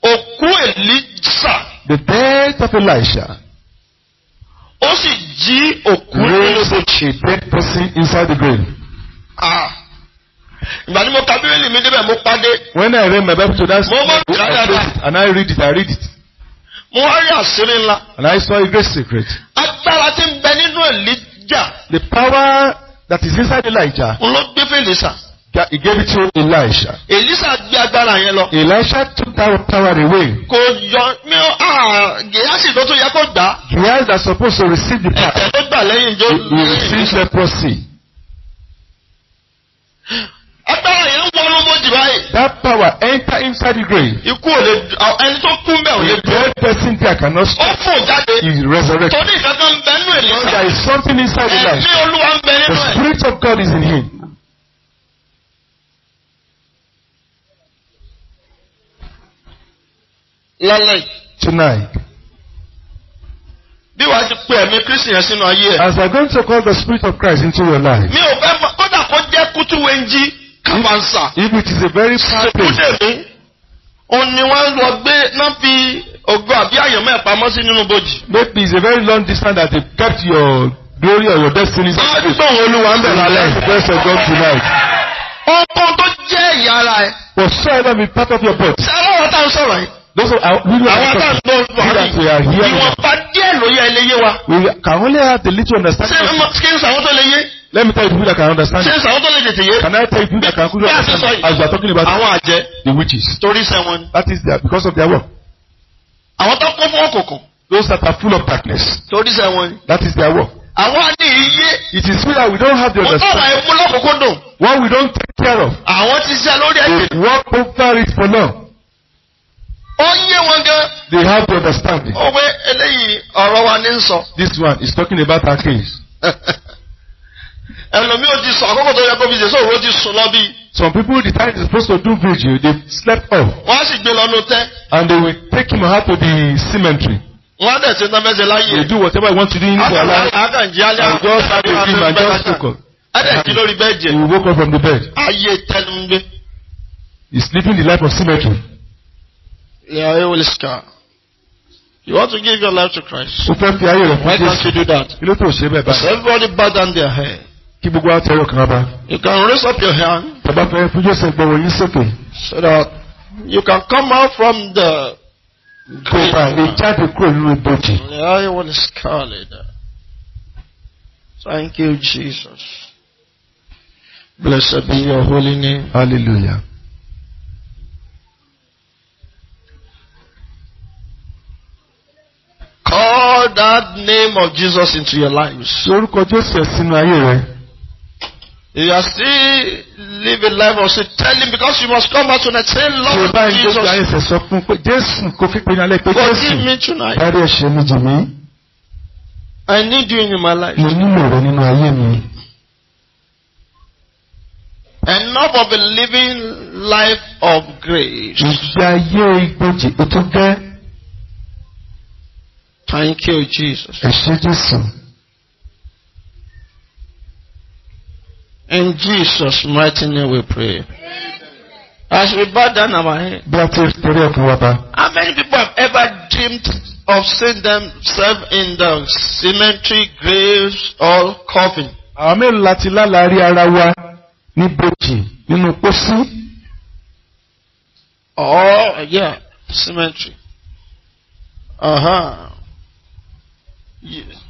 A: òkú Èlíṣà. the death of Elisha. ó sì jí òkú nínú bòjì. a dead person inside the grave. ìgbà tí mo ka bíbélì mi débẹ̀ mo pàdé. when I read my Bible to that. mo mọ̀ kí á and I read it I read it mo wá rí àṣírí ńlá. and I saw a great secret. agbára tí ń bẹ nínú Èlíjà. the power that is inside Elijah. ló gbé fèlè sà. He gave it to Elisha. Elisa gbé agbára yẹn lọ. Elisha took that power away. Kò yọ mi ò ah Gíyásì ló tún yẹ kó gbà. Gíyásì that supposed to receive the power. Ẹ̀jẹ̀ ló gbà lẹ́yìn jó. He received leprosy agbára yẹn wọnú bójì báyìí. that power enter inside the grave. ikú ò lè ẹni tó kún bẹ́ẹ̀ ò lè dùn. the person there cannot stop. ó fò jáde. he is resurrected. torí ìkàtà ń bẹ nínú èlé. there is something inside the life. ẹ̀mí olúwa ń bẹ nínú ẹ̀. the spirit of God is in him. lálẹ́. tonight. bí wàá ti pe ẹ̀mí kristi yẹn sínú ayé ẹ̀. as i going to call the spirit of Christ into your life. mi ò fẹ́ mọ kódà kó jẹ́ kútúwéńjí. Can If it is a very far thing, Sèkúndèmí, òun ni lọ gbé náà fi ògo àbí àyànmọ́ ẹ̀ pamọ́ sí nínú bòjì. Maybe it's a very long distance that they kept your glory or your destiny. Báyọ̀ gbọ́n olúwa ń bẹ̀ lálẹ́. That's of God tonight. Ọkọ tó jẹ́ ìyá ara ẹ̀. Whatsoever be part of your body. Ṣé àwọn ọ̀tá sọ̀rọ̀ yìí? Those are really àwọn tá ló ń bọ̀ ìwọ̀nba díẹ̀ ló yẹ ilé wa. We can only have the little understanding. Ṣé ọmọ kí n sàwọn tó lè yé? Let me tell you people that can understand. Since àwọn tó tètè yé. Can I tell you people that can quickly understand as we are talking about. Àwọn àjẹ́. The witches. Torí sẹ́wọ̀n. That is their because of their work. Àwọn tó kún fún òkùnkùn. Those that are full of darkness. Torí sẹ́wọ̀n. That is their work. Àwọn ní iye. It is we that we don't have the understanding. Wọ́n tọ̀rọ̀ ẹ̀mú lọ́kùnkúndùn. What we don't take care of. Àwọn ti ṣe lórí ẹ̀jẹ̀. They work over it for now. Ó yé wọn gan. They have the understanding. Ó eléyìí ọ̀rọ̀ wa ní sọ. This one is talking about our case. ẹlòmí ò ti sùn àkókò tó yẹ kó fi ṣe sóòrò ti sùn lọ bí. some people the time they supposed to do vigil they slept off. wọ́n á sì gbé lọ́nu tẹ́. and they will take him out to the cemetery. wọ́n á dẹ̀ ṣe tán fẹsẹ̀ they do whatever they want to do in their life. àkànjí alẹ́ àwọn ọ̀gá ọ̀gá ọ̀gá ọ̀gá ọ̀gá ọ̀gá ọ̀gá ọ̀gá ẹ̀dẹ̀ kí lórí bẹ́ẹ̀ jẹ. he woke up from the bed. ayé tẹnu ń gbé. he is living the life of cemetery. yàrá ewu You want to give your life to Christ. Why can't you do that? Because everybody bow down their head kí gbogbo àti ẹyọ kan bá. you can raise up your hand. bàbá fẹ́ fún Joseph gbọ́wọ́ yín sókè. so that you can come out from the. kó bá lè jáde kúrò nínú ibojì. the iron is scarlet. thank you Jesus. blessed be your holy name. hallelujah. Call that name of Jesus into your lives. Lórúkọ Jésù ẹ̀ sínú ayé rẹ̀. You are still living life of sin. Tell him because you must come back tonight. Say, Lord Jesus. ìjọ ìjọ ayé sọ fún pé Jésù kò fi pinnu alẹ́ pé Jésù dárí ẹ̀ṣẹ̀ mi jì mí. I need you in my life. Mo nílò rẹ nínú ayé mi. Enough of a living life of grace. Ìgbé ayé igbójì ètò gẹ́. Thank you, Jesus. Ẹ ṣé Jésù. In Jesus' mighty name we pray. As we bow down our head. How many people have ever dreamed of seeing themselves in the cemetery graves or coffin? Àwọn mélòó láti lálàá rí ara wa ní bòjì nínú pósí? Oh, yeah, cemetery. Uh-huh. Yeah.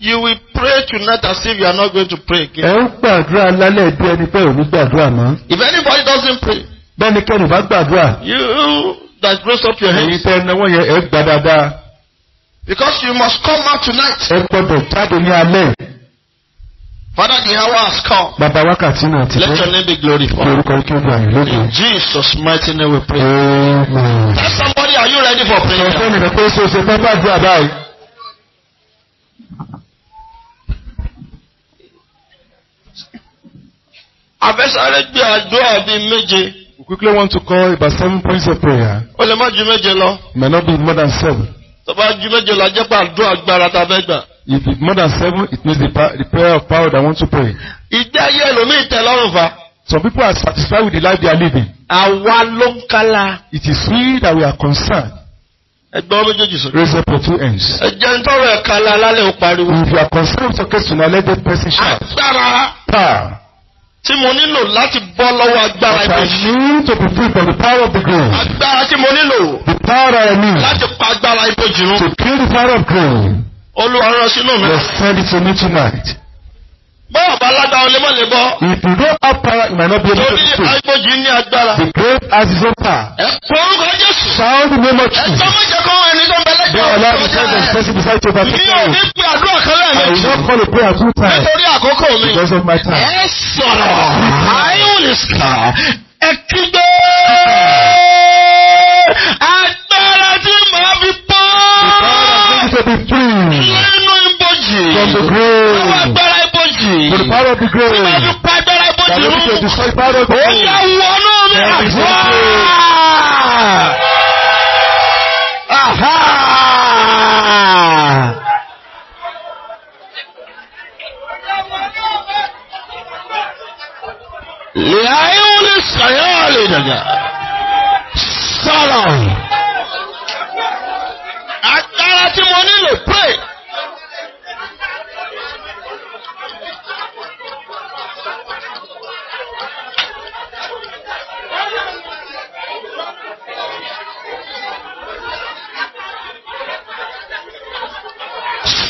A: You will pray tonight as if you are not going to pray again. Ẹ ń gbàdúrà lálẹ́ bí ẹni pé ò ní gbàdúrà mọ́. If anybody doesn't pray. Bẹ́nikẹ́ni bá gbàdúrà. You that raise up your hands. Èyí tẹ́ ẹnáwó yẹn ẹ gbà dáadáa. Because you must come out tonight. Ẹ gbọ́dọ̀ jáde ní alẹ́. Father, the hour has come. Bàbá wákàtí náà ti dé. Let your name be glorified. Lórúkọ kí o gbà yín lóde. Jesus mighty name we pray. Amen. Tell somebody are you ready for prayer? Sọ fún pé ṣe ṣe fẹ́ gbàdúrà báyìí. àfẹ́sáré gbé àdúrà bíi méje. We quickly want to call about seven points of prayer. Ó lè má ju méje lọ. May not be more than seven. Tó ju méje lọ, ajẹ́pẹ́ àdúrà gbára ta fẹ́ gbà. If it's more than seven, it means the, the prayer of power that I want to pray. Ìgbé ayé ẹlòmíì tẹ́ lọ́rùn fa. Some people are satisfied with the life they are living. Àwa ló ń kálá. It is we that we are concerned. Ẹgbẹ́ méjèèjì sọ. Raise up your two hands. Ẹ̀jẹ̀ ń tọrọ ẹ̀ka lálẹ́ ò pariwo. If you are concerned with your case tonight, let that person shout. Agbára. Power tí mo nílò láti bọ́ lọ́wọ́ agbára ibi. I need to be free from the power of the grave. Agbára tí mo nílò. The power of need. Láti pa agbára ibojì run. To kill the power of grave. Olúwa rán sínú mi. You send it to me tonight báwo bá lágbára o lè lè bọ́. if you don't have power you might not be able to pray. torí agbójì ní agbára. the grave has its own power. ẹ forúkọ Jésù. sound the name of Jesus. ẹ sọ fún jẹ́kọ́ ẹni tó bẹ lẹ́kọ̀ọ́. don't allow the kind of person beside you to overtake mi ò ní pe àdúrà kan lẹ́ẹ̀mejì. I will not call a prayer two times. nítorí àkókò mi. my time. ẹ sọ̀rọ̀ àyùn ní sà ẹ kígbe agbára tí màá fi bọ́. the power of God to be free. from the grave méjì. With the power of the grave. Tí wọ́n fi pa agbára ibojì rú. That will be the destroy power of the grave. Ó yà wọnú mi àdúrà. لعيون الصيالدة صلاة agbára tí mo nílò pray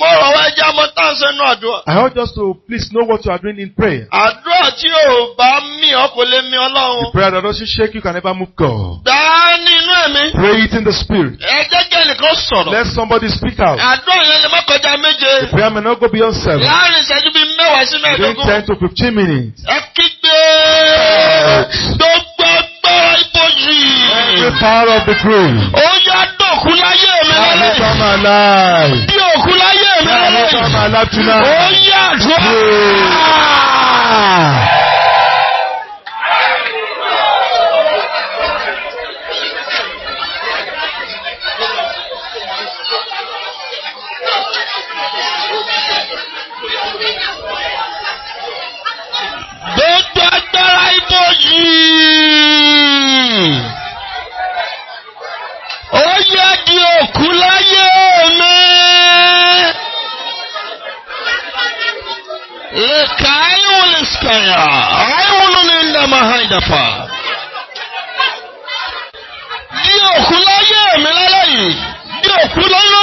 A: Mo rọ̀ ẹja mọ táǹsẹ̀ nù àdúrà. I want just to please know what you are doing in prayer. Àdúrà tí ò bá mí ọ lè mí Ọlọ́run. The prayer that doesn't shake you can never move God. Gbà inú ẹ̀mí. Pray it in the spirit. Ẹ jẹ́ kí ẹnìkan sọ̀rọ̀. Let somebody speak out. Àdúrà yẹn lè má kọjá méje. The prayer may not go beyond seven. Láàrin ìṣẹ́jú bíi mẹ́wàá sí mẹ́ẹ̀ẹ́dógún. Within ten to fifteen minutes. Ẹ kígbe. Gbogbo agbára ibojì. Every power of the grave. Ó yá dòkú láyé mi lálẹ́. Àlejò máa láì. Bí òkú láyé mi. Ó yàdúrà. Gbogbo agbára ibo yìí. Ó yẹ di òkú láyé mi. لكايولسكايا عون عندما هيدفا di òkú láyé mi lálẹ́ yìí di òkú lọ́nà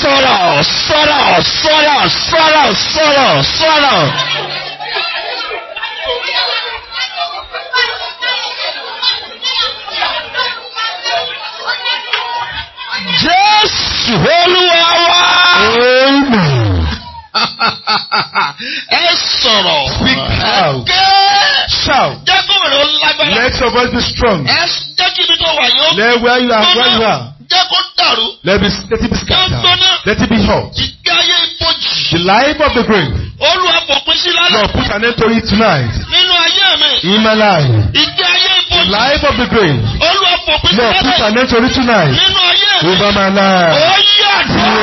A: sọ̀rọ̀ sọ̀rọ̀ sọ̀rọ̀ sọ̀rọ̀ sọ̀rọ̀ sọ̀rọ̀. Jésù Olúwa wá. Amen ẹ sọ̀rọ̀. speak out. shout. let your voice be strong. ẹ jẹ́ kí ibi tó wà yóò. lẹ́ where you are where you are. jẹ́ kó dàrú. let it be let it be scattered. let it be hot. jìgá ibojì. the life of the brain. Olúwa fòpin sí lálẹ́. Lord put an end to it tonight. Nínú ayé mi. In my life. Ìgbé ayé ibojì. Life of the brain. Olúwa fòpin sí lálẹ́. Lord put an end to it tonight. Nínú ayé mi. Over my life. Ó yàtọ̀.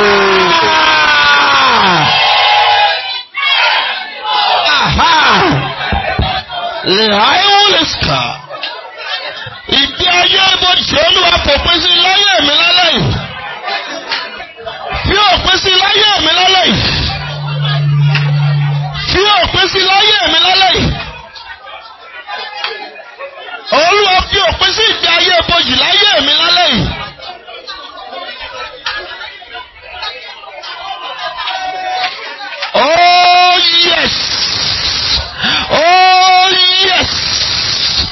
A: Yeah. Ha! ìhàíwò lè kà ìdí ayé ibo tí olúwa kò pín sí láyé mi lálẹ́ yìí fi òpin sí láyé mi lálẹ́ yìí fi òpin sí láyé mi lálẹ́ yìí olúwa fi òpin sí ìdí ayé ibo yìí láyé mi lálẹ́ yìí.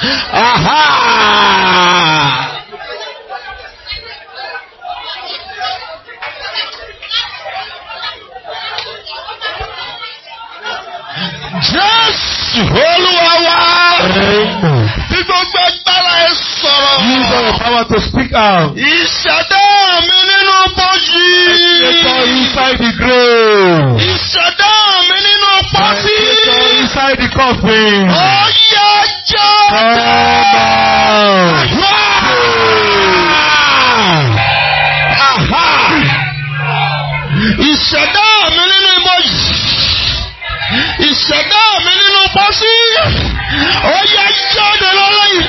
A: Aha! Jésù Olúwa wá. Bí gbogbo agbára ẹ sọ̀rọ̀. Use your power to speak out. Ìṣẹ̀dá mi nínú bọ́ọ̀sì. Ẹ̀ṣẹ̀tọ̀ inside the grave. Ìṣẹ̀dá mi nínú pọ́sí. Ẹ̀ṣẹ̀tọ̀ inside the coffin. Ó Amen. Ìṣẹ̀dá mi nínú ìmọ̀ yìí, ìṣẹ̀dá mi nínú pọ́sí, ó yẹ jáde lọ́lọ́yìn.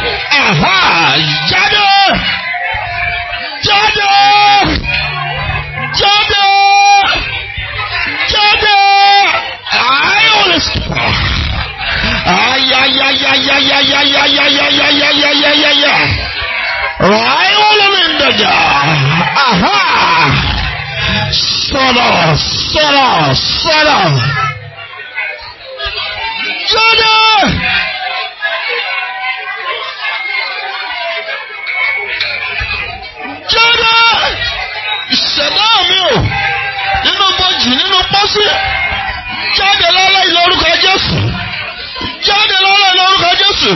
B: Ayayayayayayayayayayayayayayaya.
A: Ràìwọ́lọ́mìndàjà. Aha! Sọ̀rọ̀ sọ̀rọ̀ sọ̀rọ̀. Jáde! Jáde! Ìṣẹ̀dá mi ò nínú bọ́jì nínú pọ́sí jáde lálẹ́ ìlórúkọ Jésù jáde lọ́rẹ̀ lórúkọ Jésù.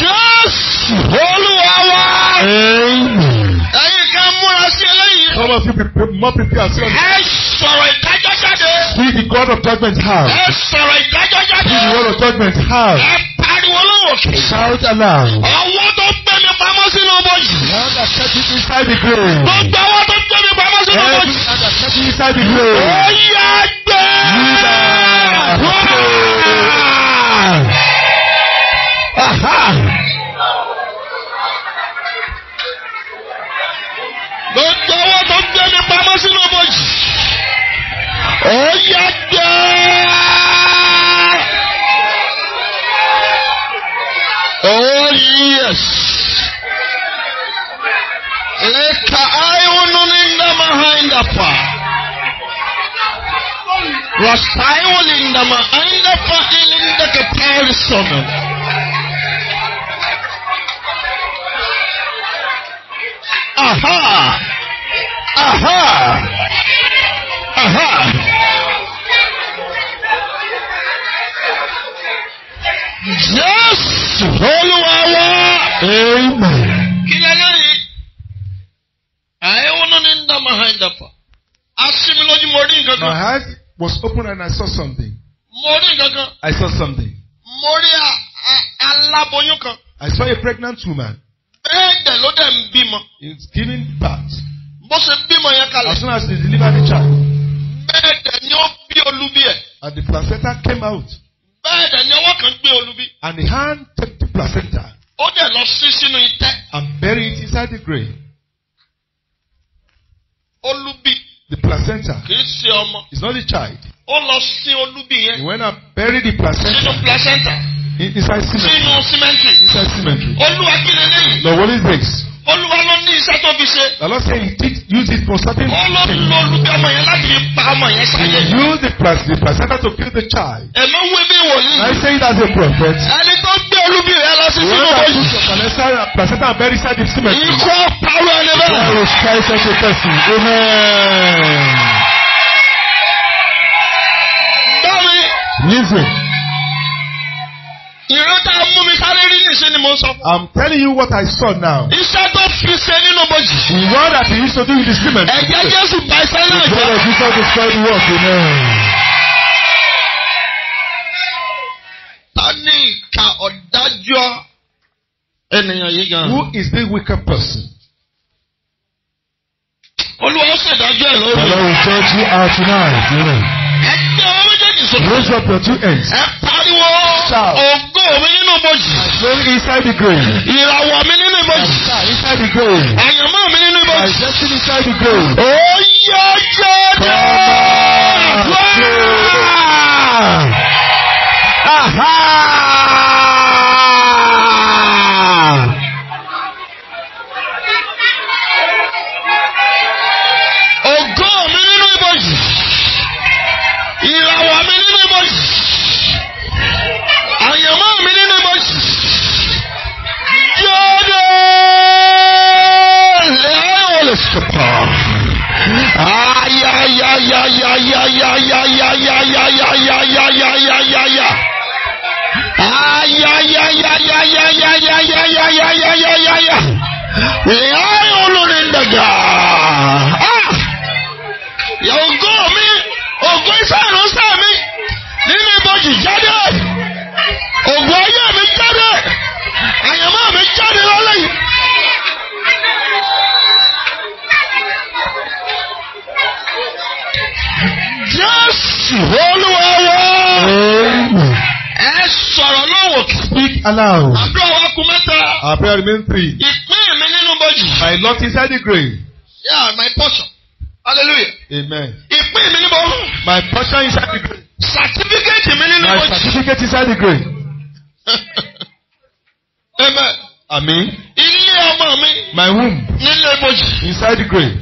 A: Jésù Olúwa wa. Ẹ̀yin kan múra sí eléyìí. Some of you be more prepared. Ẹ sọ̀rọ̀ ìdájọ́ jáde. Speak the God of judgment house. Ẹ sọ̀rọ̀ ìdájọ́ jáde. Speak the word of judgment How? Ẹ pariwo lóòkè. Shout aloud. Ọwọ́ tó gbé pamọ́ sínú ọmọ yìí. Wọ́n dà kẹ́kí inside the Gbogbo àwọn tó. Every other person inside the grave. Ó yá gbé. Gbogbo owó tó ń gbé ní pamọ́ yìí. Ó yá gbé. അസായോലിണ്ടമ അതിന്റെ കെട്ടാരിസോമം aha, aha, aha. Jésù olúwa wá. Amen. Kí ni ẹyẹ yìí? Àyẹ̀wò náà ní ń dá màá ha ń dàpọ̀. Aṣími lójú mo rí nǹkan was open and I saw something. Mo rí I saw something. Mo rí kan. I saw a pregnant woman. Bẹ́ẹ̀dẹ̀ ló dẹ̀ ń bímọ. It's giving birth. Bó ṣe bímọ yẹn kalẹ̀. As soon as they deliver the child. Bẹ́ẹ̀dẹ̀ ni ó bí olúbi ẹ̀. And the placenta came out. Bẹ́ẹ̀dẹ̀ ni ọwọ́ kan gbé olúbi. And the hand took the placenta. Ó dẹ̀ lọ sí sínú itẹ́. And bury it inside the grave. Olúbi the placenta. Kì í ṣe ọmọ. It's not the child. Ó lọ sin olúbi yẹn. He went and buried the placenta. Sínú placenta. Inside cemetery. Sínú cemetery. Inside cemetery. Olúwa kí lélẹ́yìn. Lord, what is this? olúwa ló ní iṣẹ́ tó fi ṣe. the lord say he use it for certain things. olórí lo olùgbé ọmọ yẹn láti fi pa ọmọ yẹn sáyé. he used the plas the placenta to kill the child. ẹ̀mọ́ wo ebi wòlíì. I say it as a prophet. ẹni tó gbé olúbi rẹ lọ sí sínú bóyú. placenta placenta very sad if stomach. ikú parọ́ ẹni bẹ́ẹ̀. God will carry such a person. amen. báwo ni. listen. ìrántá mú mi ṣe ni mo sọ. I'm telling you what I saw now. Iṣẹ́ tó fi ṣe nínú bojì. The one that he used to do with the women. Ẹ̀jẹ̀ Jésù bá iṣẹ́ náà jẹ́. The blood of Jesus destroyed the work. Ta ni ìka ọ̀dájọ́ ènìyàn yìí gan? Who is the wicked person? Olúwa ó ṣèdájọ́ ẹ̀ lórí. Hello, church, you are tonight. Ẹ jẹ́ ọmọ méjèèjì sókè. Raise up your two hands. Ẹ pariwo. Shout ìràwọ̀ mi nínú ibojì. I inside the grave. ìràwọ̀ mi nínú ibojì. I inside the grave. àyànmọ́ mi nínú ibojì. I inside the grave. ó yá jáde. Aha! ògo mi nínú ibojì ìràwọ̀ mi nínú ibojì. Yesu kɔ ayayayayayayayayayayayayayayayaya ayayayayayayayayayayayayayaya yàrá olórí ndàgà ah yà ògo mi ògo ìsàlù sàmì nínú ìbòjì jáde ògo ayé mi jáde àyàmọ́ mi jáde lọ́lẹ́yìn. Jésù Olúwa wá. Ẹ sọ̀rọ̀ lọ́wọ́. Speak aloud. Àbúrò wa kú mẹ́ta. Our prayer remains three. Ìpín mi nínú bọ́jú. My lot inside the grave. Yeah, my portion. Hallelujah. Amen. Ìpín mi níbo. My portion inside the grave. Certificate mi nínú bọ́jú. My certificate inside the grave. Amen. Àmín. Ilé ọmọ mi. My womb. Nílé bọ́jú. Inside the grave.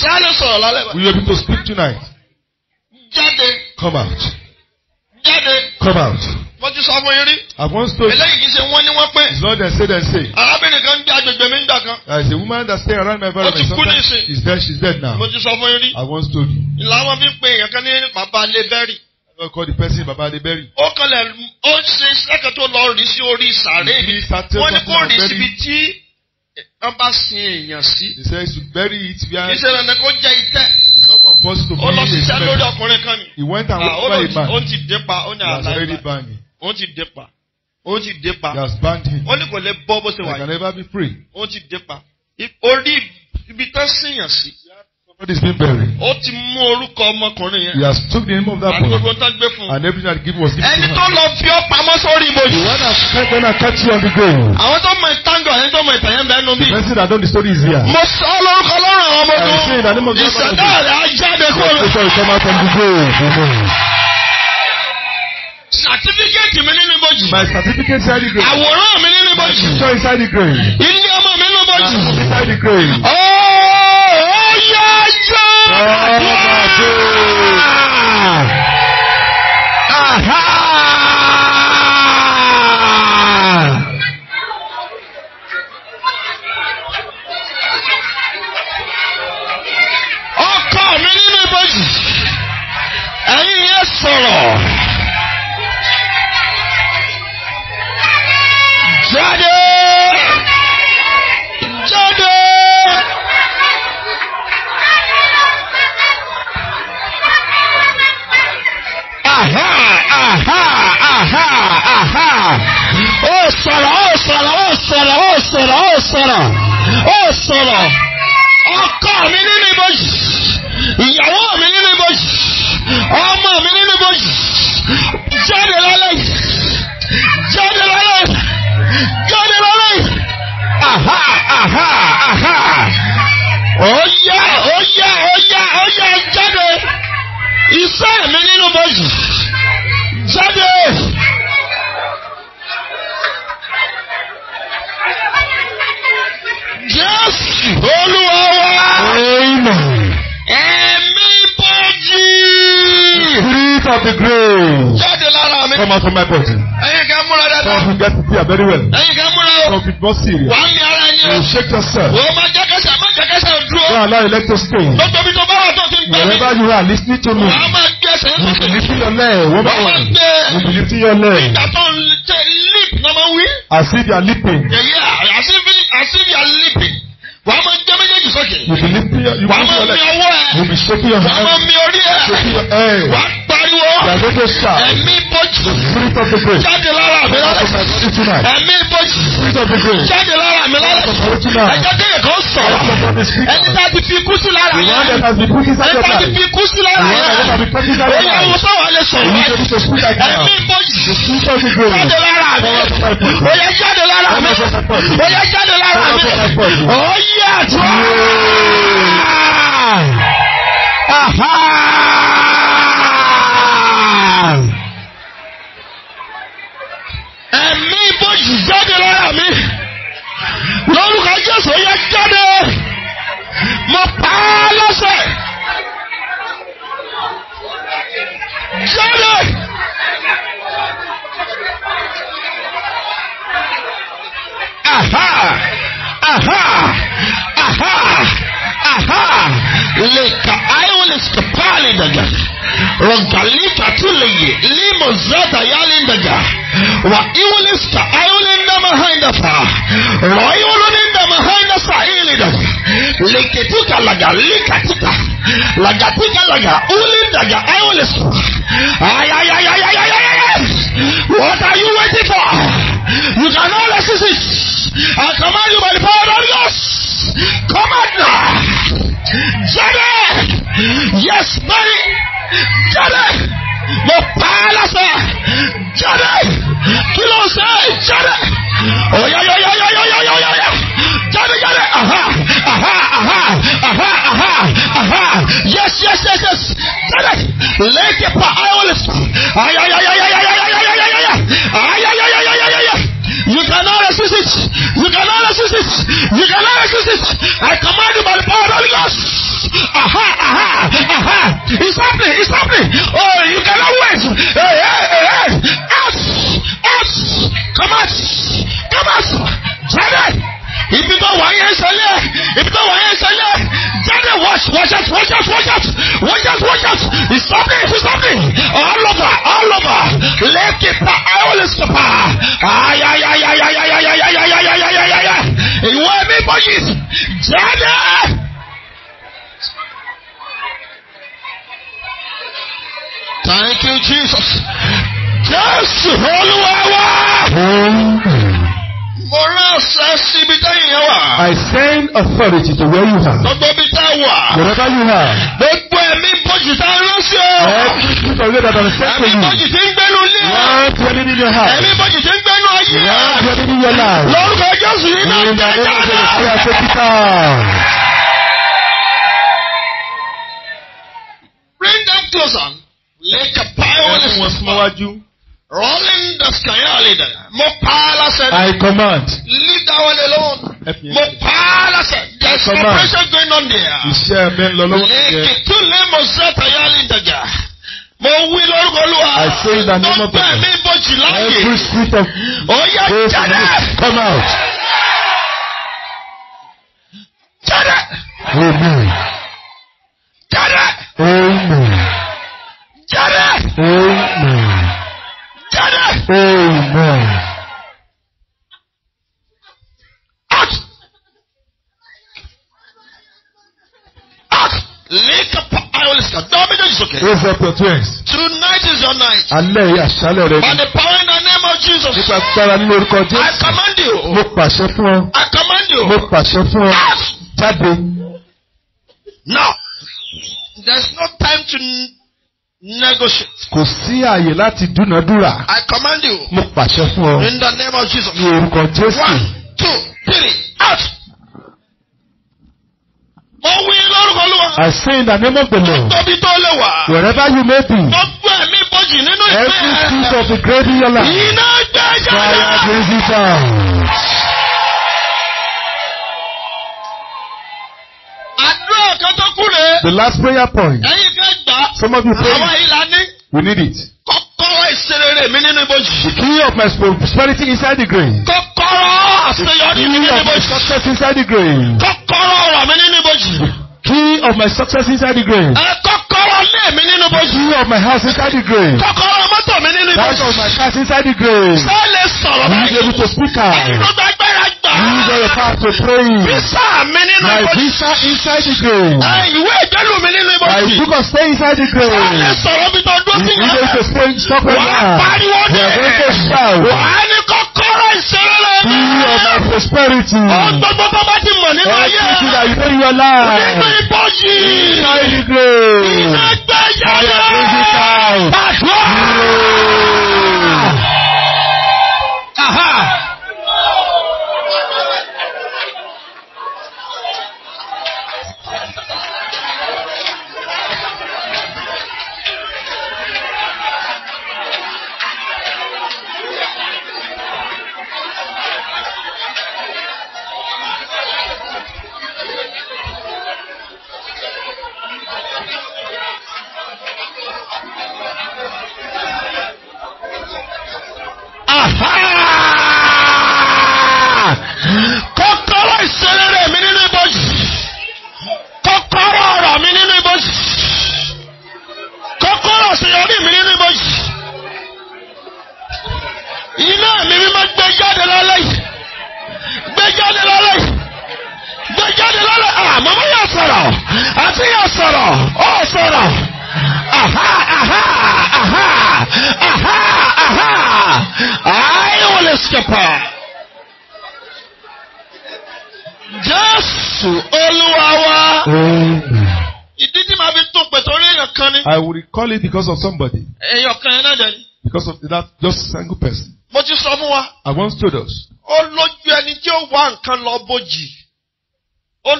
A: Ṣáájú sọ̀rọ̀ lálẹ́ bá. Will you be able to speak tonight? Jáde. Come out. Jáde. Come out. Mo ti sọ fún yín rí. I want to you. Eléyìí kì í ṣe wọ́n ní wọ́n pé. It's not them say them say. Arábìnrin kan bí agbègbè mi ń dà kan. There is a woman that stay around my environment. Ó ti kú ní ìsìn. She's dead she's dead now. Mo ti sọ fún yín rí. I once told Ìlànà fi ń pe èèyàn kan ní bàbá Lebẹ́rì. God call the person Baba Adeberi. Ó kọlẹ̀ ó ṣe sẹ́kẹ̀ tó lọ rí sí orí sàárè. Wọ́n ní kó rí síbi tí tán bá sin èèyàn sí. he says to bury it where. kì í ṣe dandan kó jẹ itẹ́. it's lọ ṣiṣẹ́ lórí ọkùnrin kan ni. he went and ah, worked for a man. ó ti dé pa ó ní àlàyé. he has him. ti dé pa ó ti dé pa. he has banned him. ó ní kò lè bọ́ bó ṣe wà yìí. he can never be free. ó ti dé pa. orí ibi tán sìyàn sí. God is being buried. Ó ti mú orúkọ ọmọkùnrin yẹn. He has took the name of that boy. Àti gbogbo tó gbé fún. And everything that given was given to him. Ẹni tó lọ fi ọ́ pamọ́ sórí ibojì. The one that spent when catch you on the grave. Àwọn tó mọ ìtàngọ̀ ẹni tó mọ ìtàyẹn bẹ́ẹ̀ nù bí. The person that know the story is here. Mo sọ olórúkọ lọ́rùn àwọn ọmọ I say the name of the Lord. Ìṣẹ̀dá rẹ̀ á jáde kúrò. The person that come out from the grave. Certificate mi nínú ibojì. My certificate inside the grave. Àwòrán mi nínú ibojì. My picture inside the grave. Ilé ọmọ mi nínú ibojì. My home inside the grave. Oh, Ó yá yá àdúrà. Ọkọ mi nínú ibojì. Ẹ̀yin yẹn sọ̀rọ̀. Jáde! Jáde! Aha! Aha! Aha! Aha! Ó sọ̀rọ̀! Ó sọ̀rọ̀! Ó sọ̀rọ̀! Ó sọ̀rọ̀! Ó sọ̀rọ̀! Ó sọ̀rọ̀! Ọkọ mi nínú ibojì, ìyàwó mi nínú ibojì, ọmọ mi nínú ibojì, jáde lálẹ́ yìí. Oya oya oya oya! ọ̀yá ọ̀yá ọ̀yá jáde iṣẹ́ mi nínú bọ́ọ̀sì jáde. Jésù Olúwa wa. Ẹ̀mí bọ́ọ̀jì. Spirit of the grave. Jáde lára mi. Come out from my body. Some of you get prepared very well. Ẹyin kan múra o. Some of you not serious. Wà á mi ara ẹni o. You shake yourself. Wò ó máa jẹ́ máa jẹ́ dúró. Wọ́n àlọ́ electric stay. Gbogbo mi tó bá wà tó ti ń gbẹ́ mi. Wherever you are listening to me. Wà á máa gbé ẹsẹ̀ yẹn sókè. Ìbìlì tí yọ lẹ̀ wọ́n bá wà. Wọ́n bìlì tí yọ lẹ̀. Ìgbà tó máa wí. As if you are leaping. Yeah, as if, as you are leaping. Wà á máa jẹ́ méjèèjì sókè. Wà á máa mi ọwọ́ ẹ̀. Wà máa mi orí ẹ̀. Wà pariwo. Ẹ̀mí bọ́jú. Jáde lára mi lálẹ́. Ẹ̀mí ìbòjì. Jáde lára mi lálẹ́. Ẹ̀jẹ̀ déyè kan sọ̀rọ̀. Ẹni tá a ti fi kúsí lára yẹn. Ẹni tá a ti fi kúsí lára yẹn. Oyè àwọn sáwọn lè sọ̀rọ̀. Ẹ̀mí ìbòjì. Jáde lára mi. Oyè jáde lára mi. Oyè jáde lára mi. Oyè àdúrà. Aha! ẹ̀mí bójú jáde lára mi lórúkọ Jésù yẹ jáde mo pa á lọ́sẹ̀ jáde. Aha! Aha! Aha! Aha! likaayolisipali daga rogalikatileye limozadayalindega wa iwolista ayolindamahaindafa roiwolonindamahaindasailidaga likituka laga likatika lagatika laga ulindaga ayolista ayayayayayayayay what are you waiting for you cannot resist it I command you by the power of God come out now जाने यसलाई जाने यो पाला से जाने किलो से जाने ओ या या या या या या या या जाने जाने आहा आहा आहा आहा आहा आहा यस यस यस यस जाने लेके पाओलिस आया या या या या या या या या या आया या या या या या You cannot resist it. You cannot resist it. You cannot resist it. I come happening. It's happening. Oh, you cannot Jésù. Olúwa Mo rán ṣẹ́ síbi tẹ́yìn yẹn wà. I send authority to where you are. Gbogbo bí tá a wà. Wherever you are. Gbogbo ẹ̀mí bọ́jù tá a rán sí o. Every people wey that I'm sent to you. Ẹ̀mí bọ́jù ti ń gbẹ́nu ilé. Wọ́n ti ẹni nínú ha. Ẹ̀mí bọ́jù ti ń gbẹ́nu ayé. Wọ́n ti ẹni nínú yọlá. Lórúkọ Jésù yìí náà jẹ́ jáde. Ìyá ẹ̀rọ ṣe títà. Bring them closer. Lẹ́kẹ̀ẹ́ pàrọ̀ ní Rolling the sky, leader. Mopala said, I command. Leave that one alone. Mopala said, there's pressure going on there. Iṣẹ́ mi lọ lọ́wọ́. Mo lé Mọ̀sẹ́ Tayálì Dàjà. Mo wí lórúkọ Olúwa. I say in the name of God. Tọ́pẹ̀ mi bojì láàyè. Every spirit of Oya oh, jáde. Come out. Jáde. Amen. Jáde. Amen. Jáde. Amen. Amen. Out! Out! Lake up Iolista. Dominion is okay. Raise up your twins. Tonight is your night. Alẹ́ yìí By the power in the name of Jesus. Nípa sára nínú I command you. I command you. Mo Out! Now, there's no time to negotiate. Kò sí àyè láti dúnadúrà. I command you. Mo pàṣẹ fún ọ. In the name of Jesus. Ní orúkọ Jésù. One, two, three, out. Mo wí lórúkọ Olúwa. I say in the name of the Lord. Tóbi tó lè wà. Wherever you may be. Gbogbo ẹ̀mí bójì nínú ìfẹ́ Every piece of the grave in your life. Iná gbẹ́jà náà. Fire Jesus out. kan tó kù rè. the last prayer point. ẹ̀yin fẹ́ gbà. some of you pray. àwa yìí la ní. we need it. kọ́kọ́rọ́ ìṣerere mi nínú ibojì. the key of my prosperity inside the grain. kọ́kọ́rọ́ àṣeyọrí mi nínú ibojì. the key of my success inside the grain. kọ́kọ́rọ́ ọ̀rọ̀ mi nínú ibojì. Key of my success inside the grave. Kọ́kọ́rọ́ ilé mi nínú bójú. Key of my house inside the grave. Kọ́kọ́rọ́ mọ́tò mi nínú ibojì. Key of my car inside the grave. Ṣé lè sọ̀rọ̀ báyìí? you be able to speak out? Ẹnu gbàgbẹ́ra gbà. Use all your power to pray. Visa mi nínú ibojì. My visa inside the grave. Ìwé ìjọ́lù mi nínú ibojì. My book of stay inside the grave. Ṣé sọ̀rọ̀ bí tó dúró sí ìyá you be able to stay stop right now? Wàá pariwo dé. Wàá ní kọ́ ìṣòro rẹ mi. Be of prosperity. Ó gbogbo bó bá ti mọ̀ nínú ayé. Everything that you know in your life. Onígbè igbó yìí. Iṣẹ́ ìdìgbò. Iṣẹ́ gbé yàrá. Ayọ̀ physical. Àdúrà. Aha. kọ́kọ́rọ́ ìṣeré mi nínú ibojì kọ́kọ́rọ́ ọ̀rọ̀ mi nínú ibojì kọ́kọ́rọ́ ìṣeyọrí mi nínú ibojì iná mi mímọ́ gbé jáde lálẹ́ yìí gbé jáde lálẹ́ yìí gbé jáde lálẹ́ àmọ́ ah, mọ́ yà sọ̀rọ̀ àti yà sọ̀rọ̀ ọ̀ sọ̀rọ̀ aha aha aha aha aha aha I will escape. Jésù Olúwa Ìdí tí màá fi tún pè torí èèyàn kan ni. I will recall it because of somebody. Èèyàn kan yẹn náà dẹ̀ ni. Because of that just single person. Mo ti sọ fún wa. I once told us. Ó ẹni tí ó wá nǹkan lọ bójì. Ó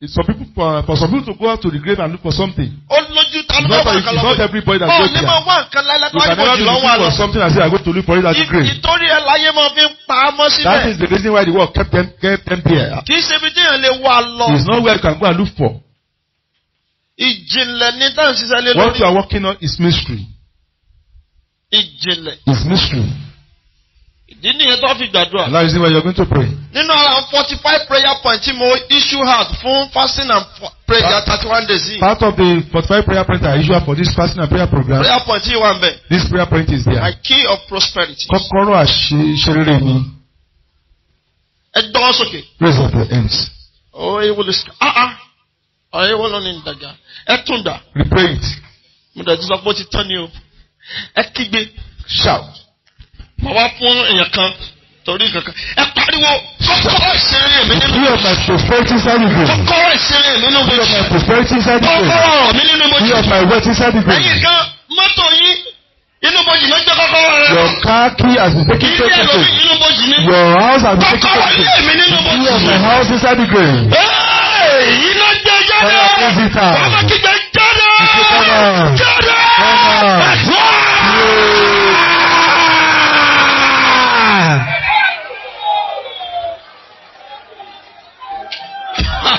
A: It's for people for, uh, for some people to go out to the grave and look for something. Ó lójú ta ló bá wà kálọ̀ bọ̀. Not everybody that goes there. Ó ní máa wá nǹkan You can never be looking for something and say I go to look for it at the grave. Ìtorí ẹ láyé máa fi pa á mọ́ síbẹ̀. That is the reason why the world kept them kept them there. Kì í ṣe ibi tí èèyàn lè wà lọ. It's not where you can go and look for. Ìjìnlẹ̀ ni táwọn ṣiṣẹ́ lé lórí. What you are working on is mystery. Ìjìnlẹ̀. Is mystery ìdí nìyẹn tó fi gbàdúrà. and that is the way you are going to pray. nínú ara forty five prayer points tí mo issue out fún fasting and prayer thirty one days yìí. part of the forty five prayer points I issue out for this fasting and prayer program. prayer point yìí wà nbẹ. this prayer point is there. my key of prosperity. kọ́kọ́rọ́ àṣeyọrí mi. ẹ gbọ́n sókè. raise up the hands. oh ewu le sika ah ah ọ̀rẹ́ ewu lọ ní ìdàgà ẹ tún dà. Repent. it. mo dàjú sọ pé ó ti tán ni o ẹ kígbe. shout màá wá fún èèyàn kan torí nǹkan kan ẹ pariwo kọ́kọ́rọ́ ìṣeré mi nínú bíi ọmọ prophetic service kọ́kọ́rọ́ ìṣeré mi nínú bíi ọmọ prophetic mi nínú bíi ọmọ kan mọ́tò yín inú bojì ló jẹ́ kọ́kọ́rọ́ rẹ. your car key as the taking take place. inú bojì ni. your house as the taking take place. kọ́kọ́rọ́ ilé mi nínú bojì. bíi ọmọ house inside the grave. iná jẹ jáde. ọmọ kìjẹ jáde. jáde. ẹ̀dùn.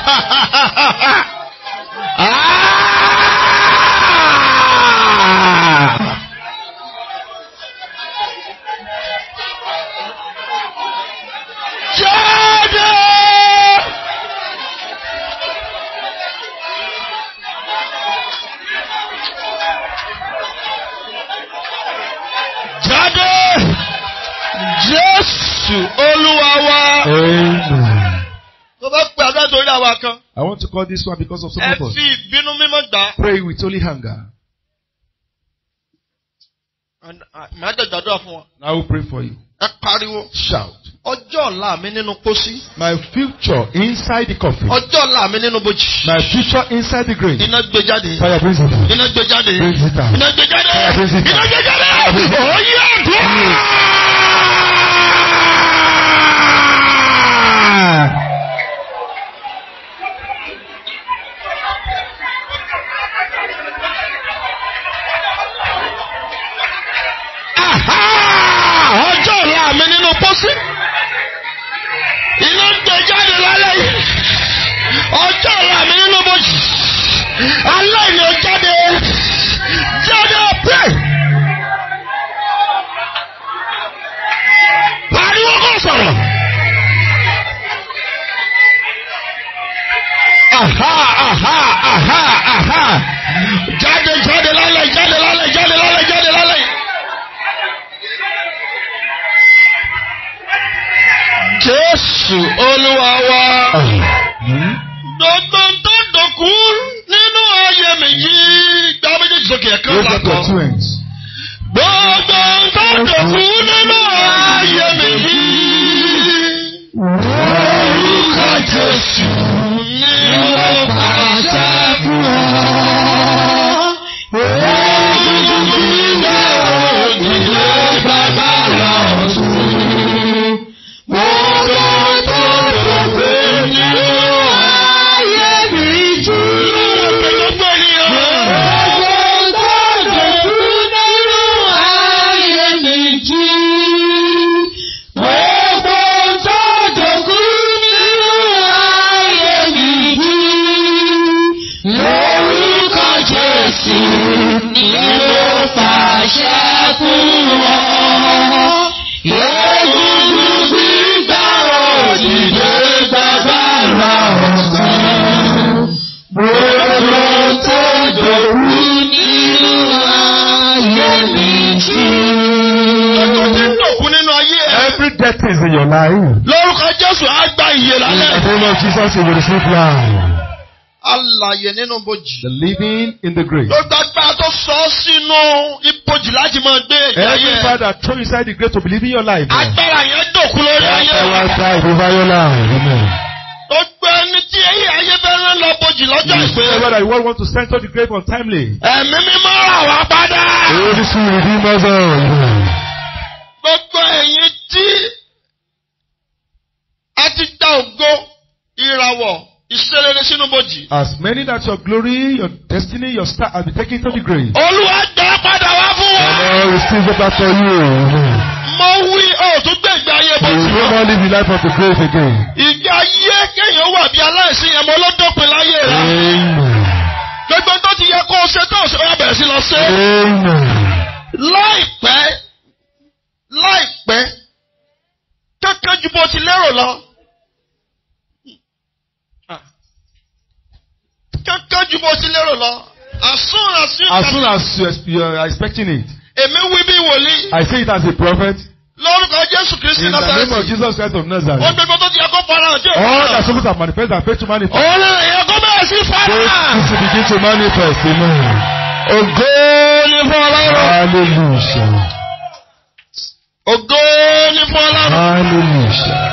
A: ¡Ah! wa kan. I want to call this one because of some of us. Ẹ fi ìbínú mímọ́ gbà. Pray with holy hunger. And uh, màá jẹ ìdádúrà fún wa. I will pray for you. Ẹ pariwo. Shout. Ọjọ́ ọ̀la mi nínú pósí. My future inside the coffin. Ọjọ́ ọ̀la mi nínú bojì. My future inside the grave. Iná gbé jáde. Fire praise him. Iná gbé jáde. it. him. Iná gbé jáde. Fire it. him. Iná gbé jáde. Oyè àdúrà. of Jesus, you will receive life. Alàyè nínú bojì. The living in the grave. Ló gbàgbà tó sọ ọ́ sínú ibojì láti máa gbé ẹ̀jẹ̀ yẹn. Every father throw inside the grave to believe in your life. Eh? Agbára yẹn dòkú lórí ayé. Agbára yẹn dòkú lórí ayé. Gbogbo ẹni tí ayé ayé fẹ́ rán lọ bojì lọ́jọ́ ìpè. You say whether you want to send to the grave untimely. Ẹ̀mí mímọ́ rà wá padà. Èyí sì rí mọ́tò. Gbogbo ẹ̀yin tí a ti gba ògo ìràwọ̀ ìṣerere sínú bòjì. as many that your glory your destiny your star has been taken to the grave. olúwa dá padà wá fún wa. ọ̀nà receive it back for you. mo wí o tún gbé ayé bòjì. you will not live the life of the grave again. ìgbé ayé kéèyàn wà bí aláìsí yẹn mo ló dópin láyé rẹ. gbogbo tó ti yẹ kó o ṣe tó o ṣe ó yá bẹ̀rẹ̀ sí lọ ṣe. láìpẹ́ láìpẹ́ kankan ju bó ti lérò lọ. kankan ju bó ti lérò lọ. As soon as you. As soon as you are expecting it. Èmi wí bí wòlíì. I say it as a prophet. Lórúkọ Jésù Kristi Nazareth. In the name of Jesus Christ of Nazareth. Ó gbégbó tó ti ẹ̀kọ́ fara hàn All the souls are manifest and faith to manifest. Olè ẹ̀kọ́ bẹ̀rẹ̀ sí fara. Faith to begin to manifest. Amen. Ògo ni fún Ọlọ́run. Hallelujah. Ògo ni fún Ọlọ́run. Hallelujah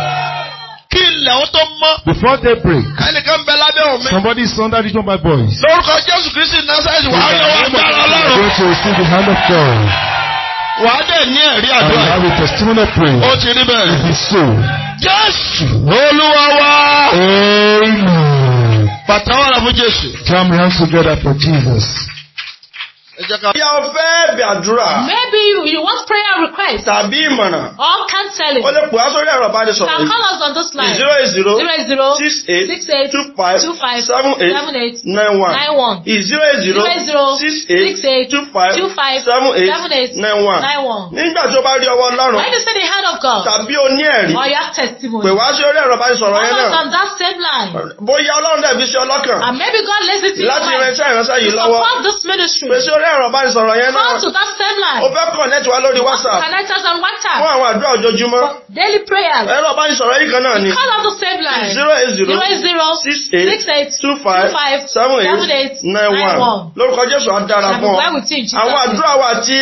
A: ilẹ̀ ó tó mọ́. before day break. kẹ́nìkan bẹ lábẹ́ omi. somebody is under the my voice. lórúkọ Jésù Kristi Násárẹ́tì wàá lọ́wọ́ agbára Ọlọ́run. going to receive the hand of God. wàá dẹ̀ ní ẹ̀rí àdúrà. and have a testimony of prayer. ó ti rí bẹ́ẹ̀. it is so. Jésù. Olúwa wa. amen. bàtà wàrà fún Jésù. come round together for Jesus ẹ jẹ́ fẹ́ bẹ̀ àdúrà. maybe you, you want prayer request. tàbí ìmọ̀ràn. or counseling. o lè pè á sórí ẹ̀rọ ìbánisọ̀rọ̀ yìí. can call us on this line. zero eight zero. zero eight zero. six eight. six eight. two five. two five. seven eight. seven eight. nine one. nine one. zero eight zero. zero eight zero. six eight. six eight. two five. two five. seven eight. seven eight. nine one. nine one. nígbà tí o bá rí ọwọ́ Ọlọ́run. when you see the hand of God. tàbí o ní ẹ̀rí. or you have testimony. pè wá sórí ẹ̀rọ ìbánisọ̀rọ̀ yẹn náà. call us on that same line. bóyá Ọlọ́run dàbí sí ọlọ́kàn. and maybe God listen to you. láti rẹ náà bá sọ̀rọ̀ yẹn náà. Call to that same line. O fẹ́ connect wa lórí WhatsApp. Connect us on WhatsApp. Fún àwọn àdúrà ojoojúmọ́. Daily prayers. Ẹ̀rọ bá sọ̀rọ̀ yìí kan náà ni. Call us to same line. zero eight zero. zero eight zero. six eight. six eight. two five. two five. seven eight. nine one. nine one. Lórúkọ Jésù á dára fún ọ. Àwọn àdúrà wa àti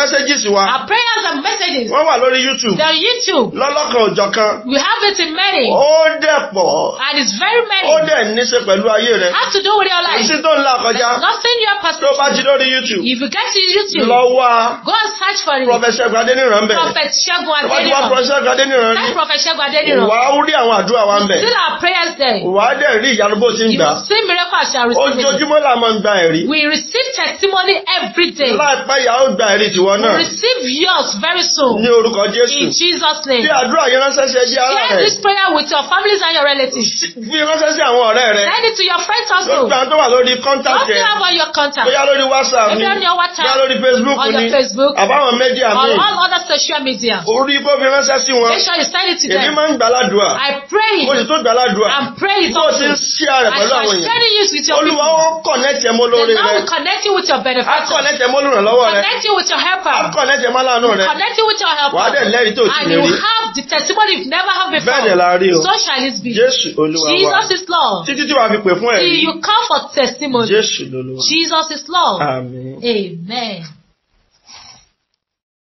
A: messages wa. Our prayers and messages. Wọ́n wà lórí YouTube. They're YouTube. Lọ́lọ́kan òjọ̀kan. We have it in many. Ó dẹ̀ pọ̀. And it's very many. Ó dẹ̀ ní pẹ̀lú ayé rẹ. Have to do with your life. Kò tó ń la kọjá. There's nothing you are pursuing. Tó bá jí lórí YouTube. YouTube. If you get to YouTube. Lọ wá. Go search for it. Prophet Ṣẹ́gun Adéníran bẹ̀rẹ̀. Prophet Ṣẹ́gun Adéníran. Wọ́n ti wá Prophet Ṣẹ́gun Adéníran. That's Prophet Ṣẹ́gun Adéníran. Wà á rí àwọn àdúrà wa ń bẹ̀. Still our prayers there. Wà á dẹ̀ rí ìyanu bó ti ń gbà. You see miracle as you are receiving. Ojoojúmọ́ la máa ń gba ẹ̀rí. We receive testimony every day. Láìpẹ́ ìyá ó gba ẹ̀rí tiwọn náà. We receive yours very soon. Ní orúkọ Jésù. In Jesus name. Bí àdúrà yẹn ránṣẹ́ ṣe jẹ́ ara rẹ̀. Share this prayer with your families and your relatives. Fi ránṣẹ́ sí àwọn ọ̀rẹ́ rẹ̀. Send it to your friends also. Lọ́gbà tó wà lórí contact yẹn. Don't give up your contact. Bóyá lórí WhatsApp mi bá lórí Facebook ni àbáwọn media mi. on all other social media. bó fi ránṣẹ́ sí wọn. make sure you send it to èmi máa ń gbàládùá. I pray it. mo sì tún gbàládùá. o ti ń ṣí ara pẹ̀lú àwọn èèyàn. with your people. olúwa ó connect ẹ mọ́ lórí rẹ. you with your benefactor. a connect ẹ mọ́ lórànlọ́wọ́ rẹ. connect you with your helper. a connect ẹ mọ́ láàánú rẹ. connect you with your helper. dẹ̀ lẹ́rìí tó ti rí. and you have the testimony you never have before. bẹ́ẹ̀ ni la o. so shall it be. Jésù olúwa wa. Jesus is Lord. títí tí wàá fi pè fún ẹ̀rí. you come for testimony. Jésù olúwa. Jesus is Lord. Amen